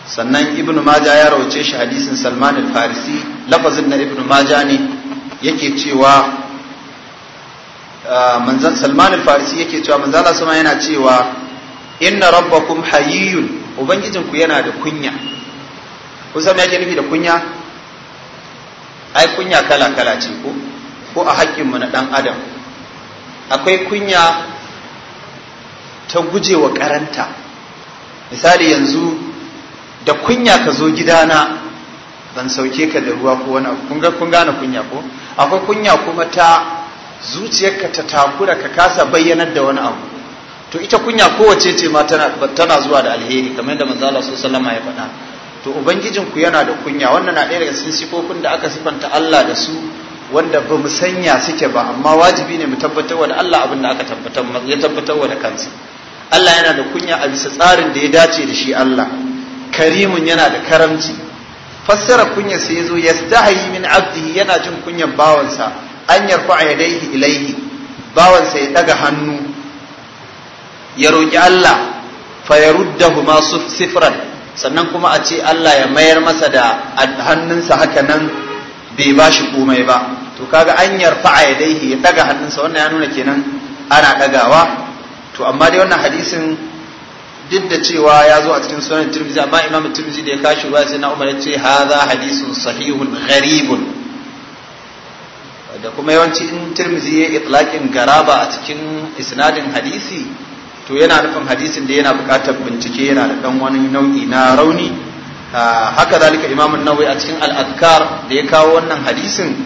sannan ibn majah ya rawace shi hadisin salman al-farisi lafazin na ibn majah ne yake cewa ah, manzan salman al-farisi yake cewa manzan Allah sama yana cewa inna rabbakum hayyun ku yana da kunya kun san me yake nufi da kunya ai kunya kala kala ce ko ko a mu na dan adam akwai kunya ta gujewa karanta misali yanzu da kunya ka zo gidana ban sauke ka da ruwa ko wani abu kun gane kunya ko akwai kunya kuma ta zuciyarka ta takura ka kasa bayyanar da wani abu to ita kunya kowace ce ma tana, zuwa da alheri kamar yadda manzo Allah wasallam ya faɗa to ubangijinku yana da kunya wannan na ɗaya daga cikin sifofin da aka sifanta Allah da su wanda ba mu sanya suke ba amma wajibi ne mu tabbatar da Allah abin da aka tabbatar ya tabbatar da kansa Allah yana da kunya a bisa tsarin da ya dace da shi Allah karimun yana da karamci fassara kunya sai yazo yastahi min abdihi yana jin kunyan bawansa an yarfa yadaihi ilaihi bawansa ya daga hannu ya roki Allah fa yaruddahu ma sifran sannan kuma a ce Allah ya mayar masa da hannunsa haka nan bai ba shi komai ba to kaga an yarfa ya yadaihi ya daga hannunsa wannan ya nuna kenan ana dagawa to amma dai wannan hadisin duk da cewa ya zo a cikin sunan tirmizi amma imam tirmizi da ya kashi ruwa sai na umar ya ce haza hadisun sahihun gharibun da kuma yawanci in tirmizi ya itlaqin garaba a cikin isnadin hadisi to yana nufin hadisin da yana buƙatar bincike yana da dan wani nau'i na rauni Ah, haka zalika imamun nawawi a cikin al'adkar da ya kawo wannan hadisin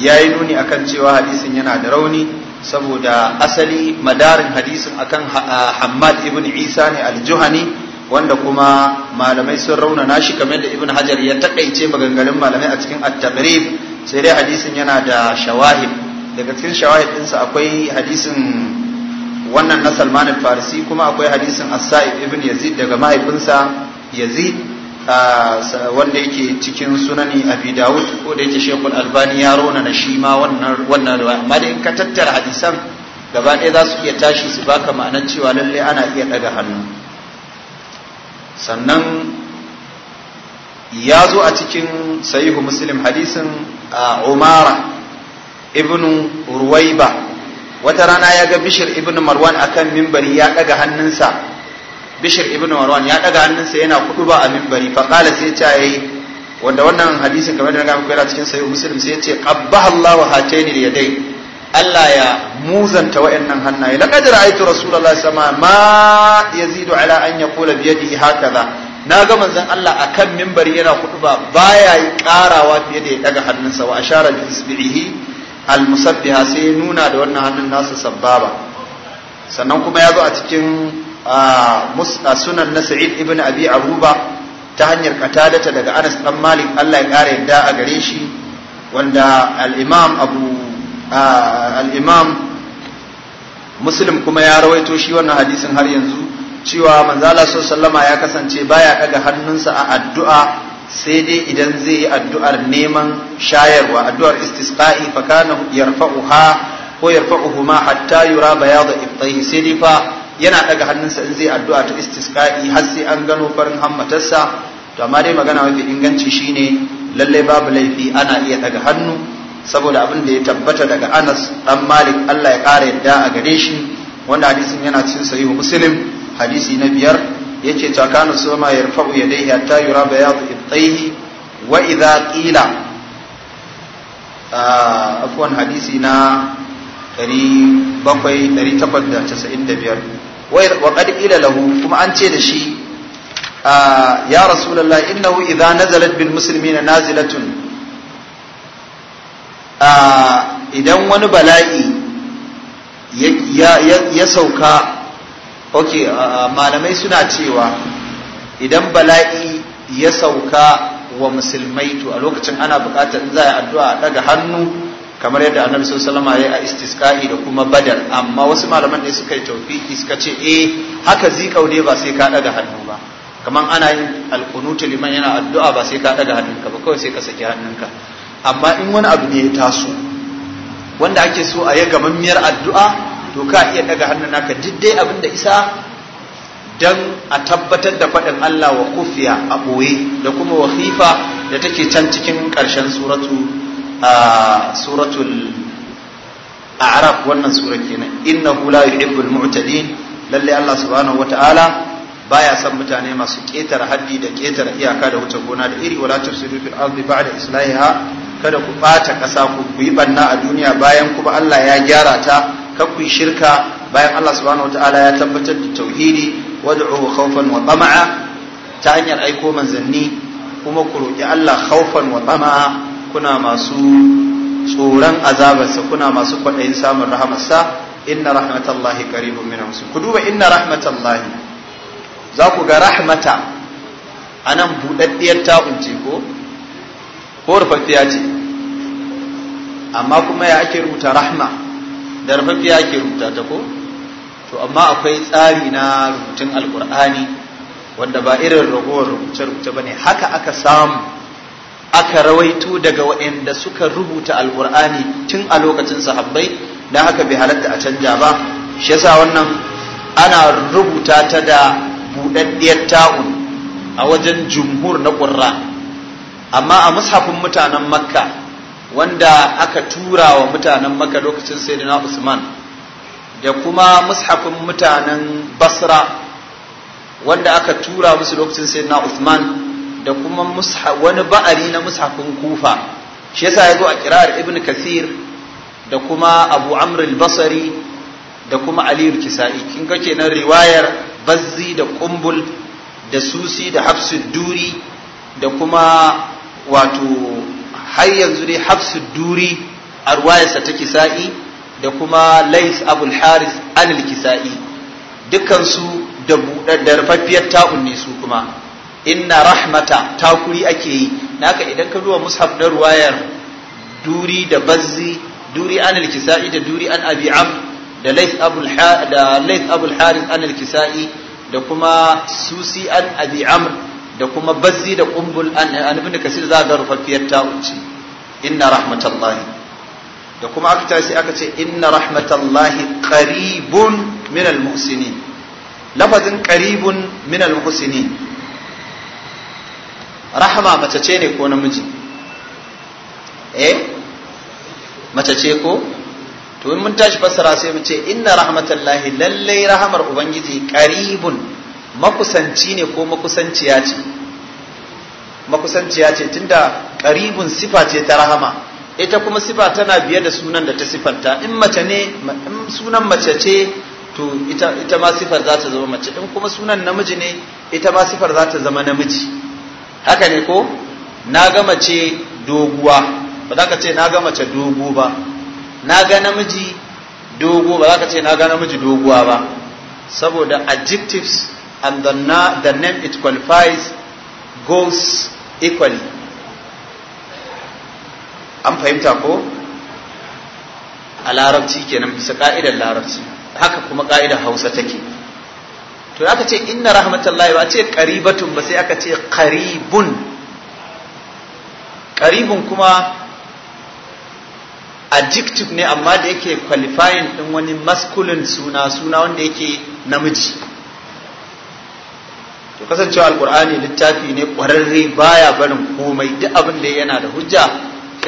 ya yi nuni akan cewa hadisin yana da rauni saboda asali madarin hadisin akan ah, hamad ibn isa ne juhani wanda kuma malamai sun rauna nashi kamar da ibn hajar ya takaice maganganun malamai a cikin at-taqrib sai dai hadisin yana da shawahid daga cikin shawahid ɗinsa akwai hadisin wannan na Salman al-Farisi kuma akwai hadisin As-Sa'ib ibn Yazid daga mahaifinsa Yazid wanda yake cikin sunani abi dawud ko da yake shekul albani ya rona na shi ma wannan wannan ruwa amma da in ka tattara hadisan gaba ɗaya za su iya tashi su baka ma'anar cewa lalle ana iya ɗaga hannu sannan ya zo a cikin sahihu muslim hadisin umara Ibn ruwaiba wata rana ya ga bishir Ibn marwan akan mimbari ya ɗaga hannunsa bishir ibn marwan ya daga hannunsa yana kudu ba a mimbari, fa qala sai ta yayi wanda wannan hadisin kamar da na gama yana cikin sahih muslim sai ya ce qabbaha Allahu hataini liyadai Allah ya muzanta wayannan hannaye laqad ra'aytu Rasulallah sama ma yazidu ala an yaqula bi yadihi hakaza na ga manzon Allah akan mimbari yana kudu ba baya karawa fiye da ya daga hannunsa wa ashara bi isbihi al-musabbiha sai nuna da wannan hannun nasa sabbaba sannan kuma ya zo a cikin a sunan na sa'id ibn abi abuba ta hanyar katadata daga anas dan malik allah ya kara yadda a gare shi wanda al-imam abu al-imam muslim kuma ya rawaito shi wannan hadisin har yanzu cewa manzala sallama ya kasance baya daga hannunsa a addu'a sai dai idan zai yi addu'ar neman shayarwa addu'ar istisqa'i fa kana yarfa'uha ko yarfa'uhuma hatta yura bayadu ibtayhi sai dai fa yana ɗaga hannunsa in zai addu'a ta istisqa'i har sai an gano farin hammatarsa to amma dai magana mafi inganci shine lallai babu laifi ana iya daga hannu saboda abin da ya tabbata daga Anas dan Malik Allah ya kara yadda a gare shi wanda hadisin yana cikin sahihu Muslim hadisi na biyar yace ta kana suma yarfa'u yadayhi hatta yura bayadu ibtayhi wa idha qila ah, afwan hadisi na 795 Wai qad qila lahu kuma an ce da shi ah, ya rasulullah innahu idza nazalat bil muslimina nazilatun ah, idan wani bala'i ya sauka ah, malamai suna cewa idan bala'i ya sauka wa musulmai to a lokacin ana bukatar in za a addu'a a daga hannu kamar yadda annabi sallallahu alaihi wasallam ya istisqa'i da kuma badar amma wasu malaman ne suka yi tawfiqi suka ce eh haka zikau ne ba sai ka daga hannu ba kamar ana yin alqunut liman yana addu'a ba sai ka daga hannunka ba kawai sai ka saki hannunka amma in wani abu ne ya taso wanda ake so a yi gamammiyar addu'a to ka iya daga hannun naka diddai abin da isa dan a tabbatar da faɗin Allah wa kufiya a ɓoye da kuma wa khifa da take can cikin ƙarshen suratu a suratul a'raf wannan sura kenan innahu la yuhibbul mu'tadin lalle Allah subhanahu wata'ala baya san mutane masu ƙetare haddi da ƙetare iyaka da wuce gona da iri wala tafsiru fil ardi ba'da islahiha kada ku ɓata ƙasa ku yi banna a duniya bayan kuma Allah ya gyara ta kar ku yi shirka bayan Allah subhanahu wataala ya tabbatar da tauhidi wadu khawfan wa tama'a ta hanyar aiko manzanni kuma ku roki Allah khawfan wa tama'a kuna masu tsoron azabarsa kuna masu kwaɗayin samun rahamarsa inna rahmatallahi qaribun min musu ku duba inna rahmatallahi za ku ga rahmata a nan buɗaɗɗiyar ta'unce ko ko rufaffiya ce amma kuma ya ake rubuta rahma da rufaffiya ake rubuta ta ko to amma akwai tsari na rubutun alkur'ani wanda ba irin ragowar rubuce-rubuce ba ne haka aka samu aka rawaito daga waɗanda suka rubuta alkur'ani tun a lokacin sahabbai don haka bai halatta a canja ba shi yasa wannan ana rubuta ta da buɗaɗɗiyar ta'un a wajen jumhur na ƙurra amma a mushafin mutanen makka wanda aka tura wa mutanen makka lokacin sayyidina usman da kuma mushafin mutanen basra wanda aka tura musu lokacin sayyidina usman da kuma wani ba'ari na mushafin kufa shi yasa ya zo a kirar ibn kasir da kuma abu amr al-basari da kuma aliyul kisa'i kin ga kenan riwayar bazzi da kumbul da susi da hafsud duri da kuma wato har yanzu dai hafsud duri a ruwayarsa ta kisa'i da kuma lais abul haris al kisa'i su da buɗaɗɗar ta ta'un ne su kuma inna rahmata takuri ake yi naka idan ka duba mushaf na ruwayar duri da bazzi duri an al-kisa'i da duri an abi am da laith abul da laith abul harith an al-kisa'i da kuma susi an abi amr da kuma bazzi da qumbul an an ibn kasir za ga rufaffiyar ta'uci inna rahmatallahi da kuma aka tashi aka ce inna rahmatallahi qaribun min al-muhsinin lafazin qaribun min al-muhsinin rahama mace ce ne ko namiji eh mace ce ko to mun tashi fassara sai mu ce inna rahmatallahi lallai rahmar ubangiji qaribun makusanci ne ko makusanciya ce makusanciya ce tunda qaribun sifa ce ta rahama ita kuma sifa tana biye da sunan da ta sifanta in mace ne in sunan mace ce to ita ita ma sifar za ta zama mace in kuma sunan namiji ne ita ma sifar za ta zama namiji haka ne ko na ga mace doguwa ba za ka ce na ga mace dogo ba na ga namiji dogo ba za ka ce na ga namiji doguwa ba saboda adjectives and the, na, the name it qualifies goes equally an fahimta ko a larabci kenan bisa ka'idar larabci haka kuma ka'idar hausa take to aka ce inna rahmatullahi ba ce qaribatun ba sai aka ce qaribun qaribun kuma adjective ne amma da yake qualifying din wani masculine suna suna wanda yake namiji to kasancewa alqur'ani littafi ne kwararre baya barin komai duk abin da yana da hujja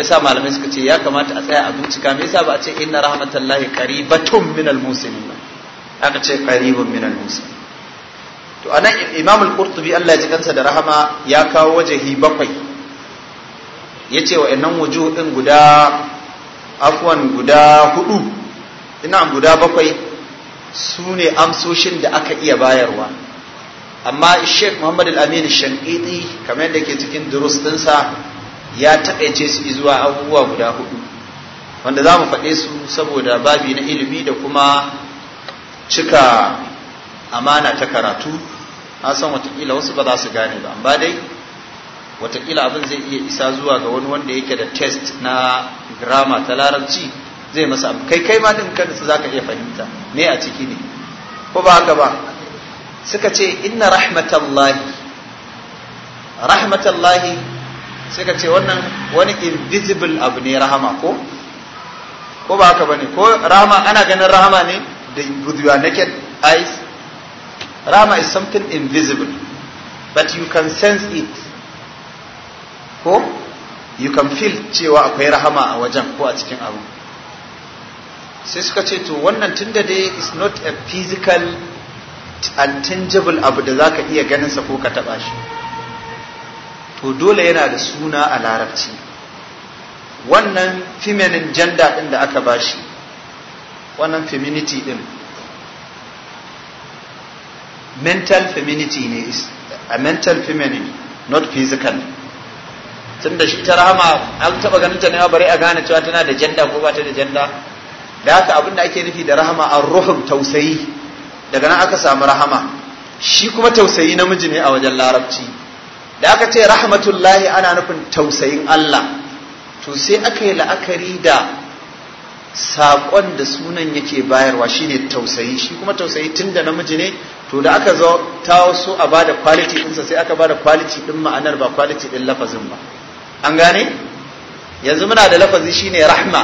sa malamai suka ce ya kamata a tsaya a bincika me yasa ba a ce inna rahmatullahi qaribatun minal muslimin aka ce qaribun minal muslimin to anan imam al-qurtubi Allah ya ji da rahama ya kawo wajahi bakwai yace wa innan din guda afwan guda hudu ina guda bakwai su ne amsoshin da aka iya bayarwa amma sheikh muhammad al-amin shankiti kamar yadda ke cikin durus sa ya taƙaice su zuwa abubuwa guda hudu wanda za mu faɗe su saboda babi na ilimi da kuma cika amana ta karatu an san watakila wasu ba za su gane ba amma dai watakila abin zai iya isa zuwa ga wani wanda yake da test na grama ta larabci zai masa kai kai ma din kanka za ka iya fahimta me a ciki ne ko ba haka ba suka ce inna rahmatallahi rahmatallahi suka ce wannan wani invisible abu ne rahama ko ko ba haka bane ne ko rahama ana ganin rahama ne da gudu your naked eyes Rama is something invisible, but you can sense it. Ko? You can feel cewa akwai rahama a wajen ko a cikin abu. Sai suka ce to wannan tunda dai is not a physical and tangible abu da za ka iya ganinsa ko ka taɓa shi. To dole yana da suna a larabci. Wannan feminine gender ɗin da aka bashi, wannan femininity ɗin. mental femininity ne a mental feminine not physical tun da shi ta rahama an taɓa ganin ta ne bari a gane cewa tana da janda ko ba ta da janda da haka abin da ake nufi da rahama an ruhun tausayi daga nan aka samu rahama shi kuma tausayi namiji ne a wajen larabci da aka ce rahmatullahi ana nufin tausayin Allah to sai aka yi la'akari da saƙon da sunan yake bayarwa shine tausayi shi kuma tausayi tun da namiji ne to da aka zo ta so a bada kwaliti ɗinsa sai aka bada kwaliti ɗin ma'anar ba kwaliti ɗin lafazin ba an gane yanzu muna da lafazi shine rahma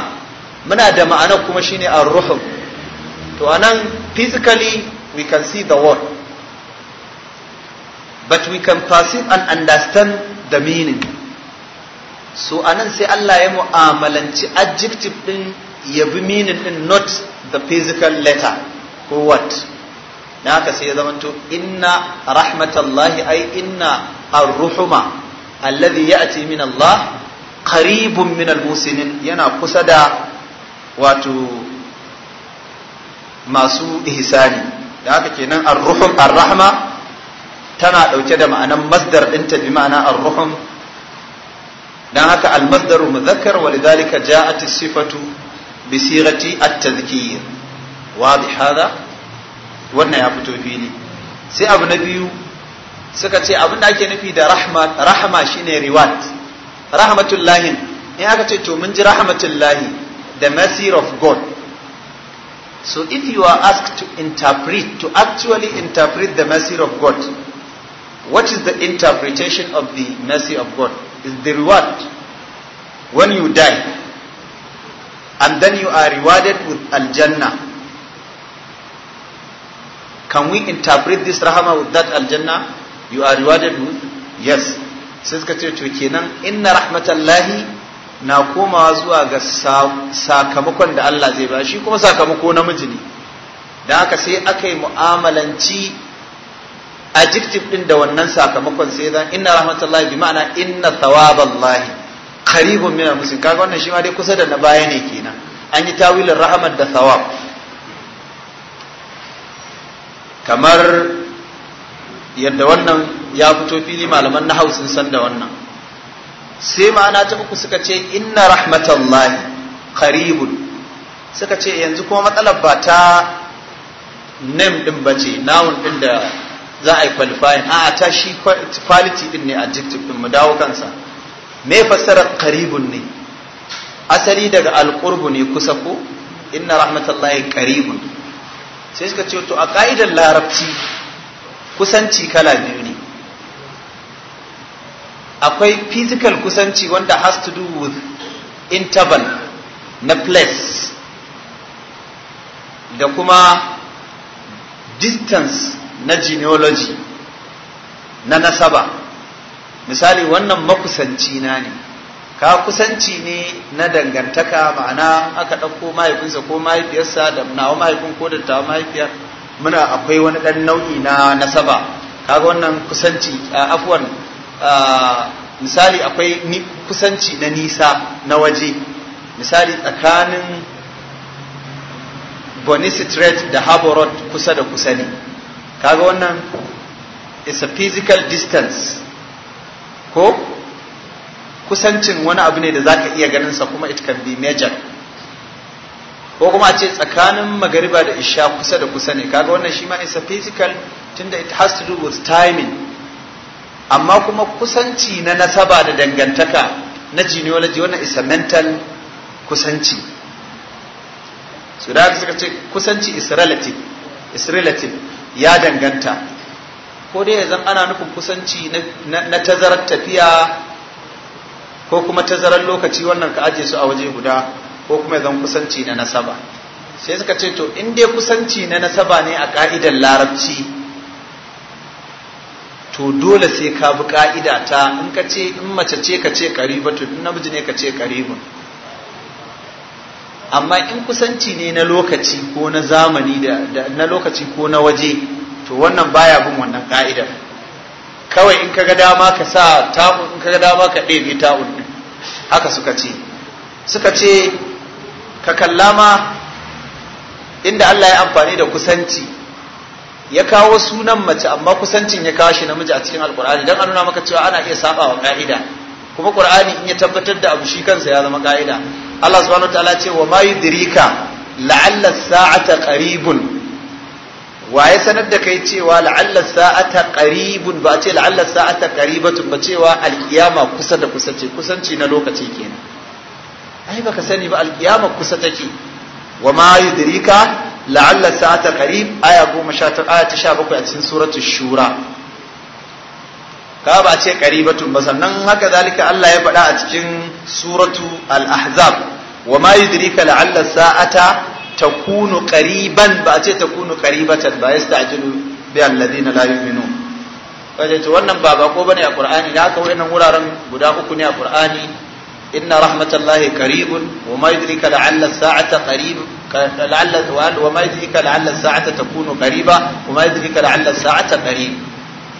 muna da ma'anar kuma shine ar-ruhum to anan physically we can see the word but we can perceive and understand the meaning so anan sai Allah ya mu'amalanci adjective ɗin ya bi meaning in not the physical letter ko what na haka sai ya zamanto inna rahmatallahi ai inna aruhuma ruhuma alladhi ya'ti min Allah qaribun min al-musinin yana kusa da wato masu ihsani da haka kenan arruhum arrahma tana ɗauke da ma'anan masdar ɗinta bi ma'ana ar dan haka al-masdaru mudhakkar wa lidhalika ja'at as-sifatu بصيغة التذكير واضح هذا wannan ya fito fili sai abu na biyu suka ce abin da ake nufi da rahama shine riwat rahmatullahi in aka ce to mun ji rahmatullahi the mercy of god so if you are asked to interpret to actually interpret the mercy of god what is the interpretation of the mercy of god is the reward when you die and then you are rewarded with Al Jannah. Can we interpret this rahama with that Al You are rewarded with? Yes. Sai suka ce to kenan inna rahmatallahi na komawa zuwa ga sakamakon da Allah zai ba shi kuma sakamako namiji ne. Da haka sai aka mu'amalanci adjective din da wannan sakamakon sai dan inna rahmatallahi bi ma'ana inna thawaballahi qaribun min al-muslim kaga wannan shi ma dai kusa da na baya ne kenan an yi tawilin rahamar da thawab kamar yadda wannan ya fito fili malaman na sun san da wannan sai ma'ana ta uku suka ce inna rahmatallahi qaribun suka ce yanzu kuma matsalar ba ta nem din bace nawun din da za a yi qualifying a ta shi quality din ne adjective din mu dawo kansa me fassarar qaribun ne asali daga alqurbu ne kusa ko inna rahmatullahi qaribun sai suka ce to a ka'idar larabci kusanci kala biyu ne akwai physical kusanci wanda has to do with interval na place da kuma distance na genealogy na nasaba misali wannan makusanci na ne ka kusanci ne na dangantaka ma'ana aka ɗauko mahaifinsa ko mahaifiyarsa da nawa mahaifin ko da tawa mahaifiyar muna akwai wani ɗan nau'i na nasaba kaga wannan kusanci afuwar misali akwai kusanci na nisa na waje misali tsakanin Bonny da Harbour Road kusa da kusa ne kaga wannan is a physical distance ko kusancin wani abu ne da za ka iya sa kuma it can be major ko kuma a ce tsakanin magariba da isha kusa da kusa ne kaga wannan shi ma isa physical tunda it has to do with timing amma kuma kusanci na nasaba da dangantaka na genealogy wannan isa mental kusanci su da suka ce kusanci is relative is relative ya danganta ko dai yanzu ana nufin kusanci na tazarar tafiya ko kuma tazarar lokaci wannan ka aje su a waje guda ko kuma yanzu kusanci na nasaba sai suka ce to in dai kusanci na nasaba ne a ka'idar larabci to dole sai ka bi ka'ida ta in ka ce in mace ce ka ce to in namiji ne ka ce karibun amma in kusanci ne na lokaci ko na zamani da na lokaci ko na waje to wannan baya bin wannan ka'idar kawai in kaga dama ka sa ta'un in kaga dama ka ɗebe ta'un haka suka ce suka ce ka kallama inda Allah ya amfani da kusanci ya kawo sunan mace amma kusancin ya kawo shi namiji a cikin alkur'ani don a nuna maka cewa ana iya saba wa ka'ida kuma qur'ani in ya tabbatar da abu shi kansa ya zama ka'ida Allah subhanahu ta'ala ce wa ma yudrika la'alla sa'ata qaribun waye sanar da kai cewa la'alla sa'ata qaribun ba ce la'alla sa'ata qaribatun ba cewa alkiyama kusa da kusa ce kusanci na lokaci kenan ai baka sani ba alkiyama kusa take wa ma yudrika la'alla sa'ata qarib aya 19 aya ta 17 a cikin suratul shura ka ba ce qaribatun ba sannan haka zalika Allah ya faɗa a cikin suratu al-ahzab wa ma yudrika la'alla sa'ata takunu قريبا ba تكون ce takunu qaribatan ba yasta'jilu bi alladhina la yu'minun kaje to wannan ba bako bane a qur'ani da haka wayannan wuraren guda uku ne a qur'ani inna rahmatallahi qaribun wa ma yadrika la'alla as-sa'ata qarib la'alla wa ma yadrika la'alla as-sa'ata takunu qariba wa ma yadrika la'alla as-sa'ata qarib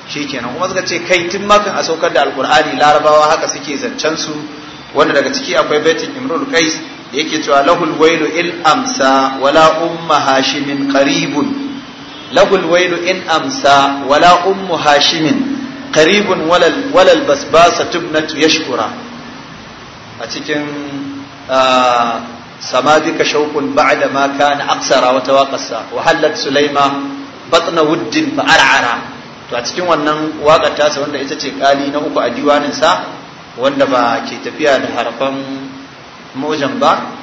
shikenan kuma suka ce kai tun makan a saukar da alqur'ani larabawa haka suke zancen su wanda daga ciki akwai baitin imrul qais yake cewa lahul wailu in amsa wala umma hashimin qaribun lahul wailu in amsa wala ummu hashimin qaribun walal walal basbasa tubnatu yashkura a cikin samadika shawqun ba'da ma kana aksara wa tawaqassa wa halat sulaima batna wuddin fa ar'ara to a cikin wannan waƙar tasa wanda ita ce kali na uku a diwanin sa wanda ba ke tafiya da harfan mujam ba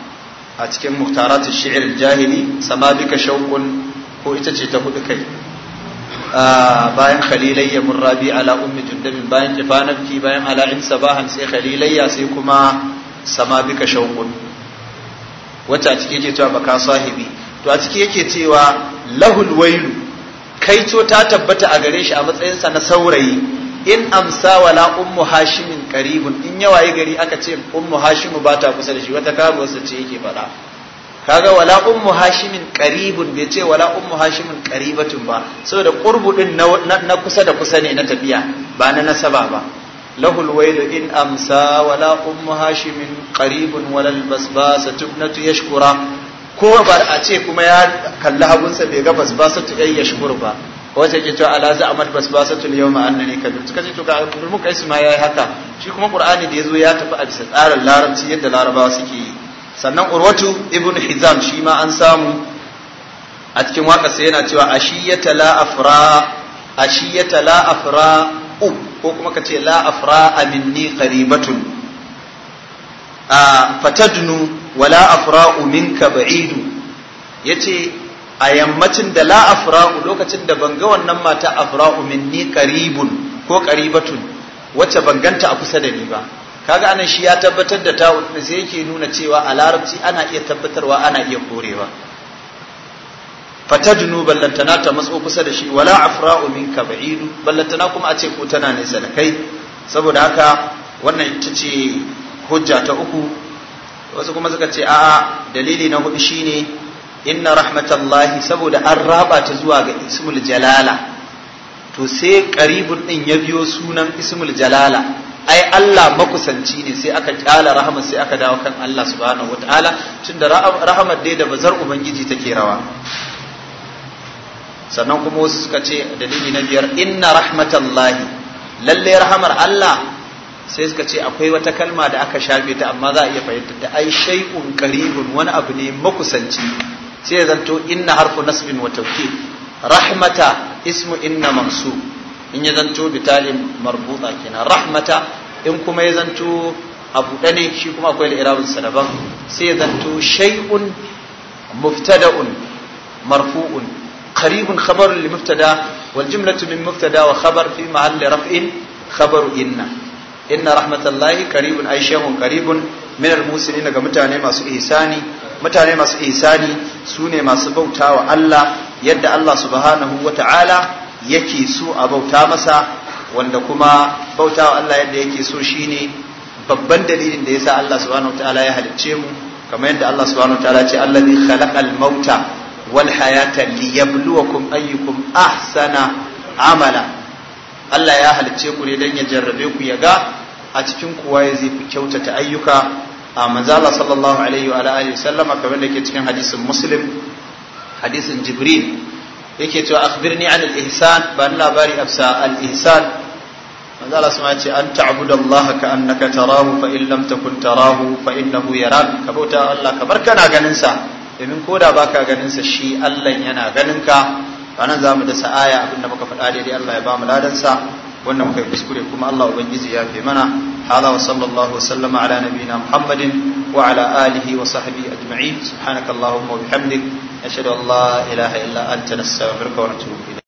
a cikin muktaratun shi'ir jahili sama bika shauƙun ko ita ce ta hudu kai bayan khalilayya mun rabi ala ummi jundabin bayan kifanabki bayan ala in sabahan sai khalilayya sai kuma sama bika shauƙun. Wata a ciki yake cewa baka sahibi to a ciki yake cewa lahul wailu kaito ta tabbata a gare shi a matsayinsa na saurayi in amsa wala ummu hashimin qaribun in waye gari aka ce ummu hashimu ba ta kusa da shi wata karuwarsa ce yake faɗa kaga wala ummu hashimin qaribun bai ce wala ummu hashimin qaribatun ba saboda qurbu din na, kusa da kusa ne na tafiya ba na nasaba ba lahul waylu in amsa wala ummu hashimin qaribun walal basbasa tubnatu yashkura ko ba a ce kuma ya kalli hagunsa bai ga basbasa tu yashkur ba wace ke cewa ala za amat bas basatul yawma annani kabir suka ce to ga ibnu qais ma yayi haka shi kuma qur'ani da yazo ya tafi a bisa tsarin larabci yadda larabawa suke yi sannan urwatu ibnu hizam shi ma an samu a cikin sai yana cewa ashiyata la afra ashiyata la afra u ko kuma ka ce la afra aminni qaribatun a fatadnu wa la afra minka ba'idu yace a yammacin da la afra'u lokacin da ban ga wannan mata afra'u minni qaribun ko karibatun wacce banganta a kusa da ni ba kaga anan shi ya tabbatar da ta'ud da sai yake nuna cewa a larabci ana iya tabbatarwa ana iya korewa fatajnu ballantana ta matso kusa da shi wala afra'u minka ba'idu ballantana kuma a ce ko tana nesa da kai saboda haka wannan ita ce hujja ta uku wasu kuma suka ce a'a dalili na hudu shine inna rahmatallahi saboda an raba ta zuwa ga ismul jalala to sai karibun din ya biyo sunan ismul jalala ai Allah makusanci ne sai aka kyala rahama sai aka dawo kan Allah subhanahu wataala tunda Rahama dai da bazar ubangiji take rawa sannan kuma wasu suka ce dalili na biyar inna rahmatallahi lalle rahamar Allah sai suka ce akwai wata kalma da aka shafe ta amma za a iya fahimta da ai shay'un qaribun wani abu ne makusanci sai ya zanto inna harfu nasbin wa tawkid rahmata ismu inna mansu in ya zanto bitalin marbuta kenan rahmata in kuma ya zanto a buɗe ne shi kuma akwai li'irabin sa daban sai ya zanto shay'un mubtada'un marfu'un qaribun khabarun li muftada, wal jumlatu min muftada wa khabar fi mahalli raf'in khabaru inna inna rahmatallahi qaribun ay shay'un qaribun min al-musinin daga mutane masu ihsani mutane masu ihsani su ne masu bauta wa Allah yadda Allah subhanahu wa ta'ala yake so a bauta masa wanda kuma bauta wa Allah yadda yake so shi ne babban dalilin da ya sa Allah subhanahu wa ta'ala ya halicce mu kamar yadda Allah subhanahu wa ta'ala ce allazi khalaqal mauta wal hayata liyabluwakum ayyukum ahsana amala Allah ya halicce ku ne don ya jarrabe ku ya ga a cikin kuwa ya zai fi kyautata ayyuka a manzala sallallahu alaihi wa alihi sallama kamar da ke cikin hadisin muslim hadisin jibril yake cewa akhbirni an al-ihsan ba labari absa al-ihsan manzo sama ce an ta'budu Allah ka annaka tarahu fa in lam takun tarahu fa innahu yarak ka bauta Allah kamar kana ganin sa domin koda baka ganin sa shi Allah yana ganin ka anan zamu da sa'aya abinda muka faɗa daidai Allah ya ba mu ladan sa wannan muka kuskure kuma Allah ubangiji ya fi mana hada wa sallallahu wasallama ala nabiyina muhammadin wa ala alihi wa sahbihi ajma'in subhanakallahumma wa bihamdik ashhadu an la ilaha illa anta nastaghfiruka wa natubu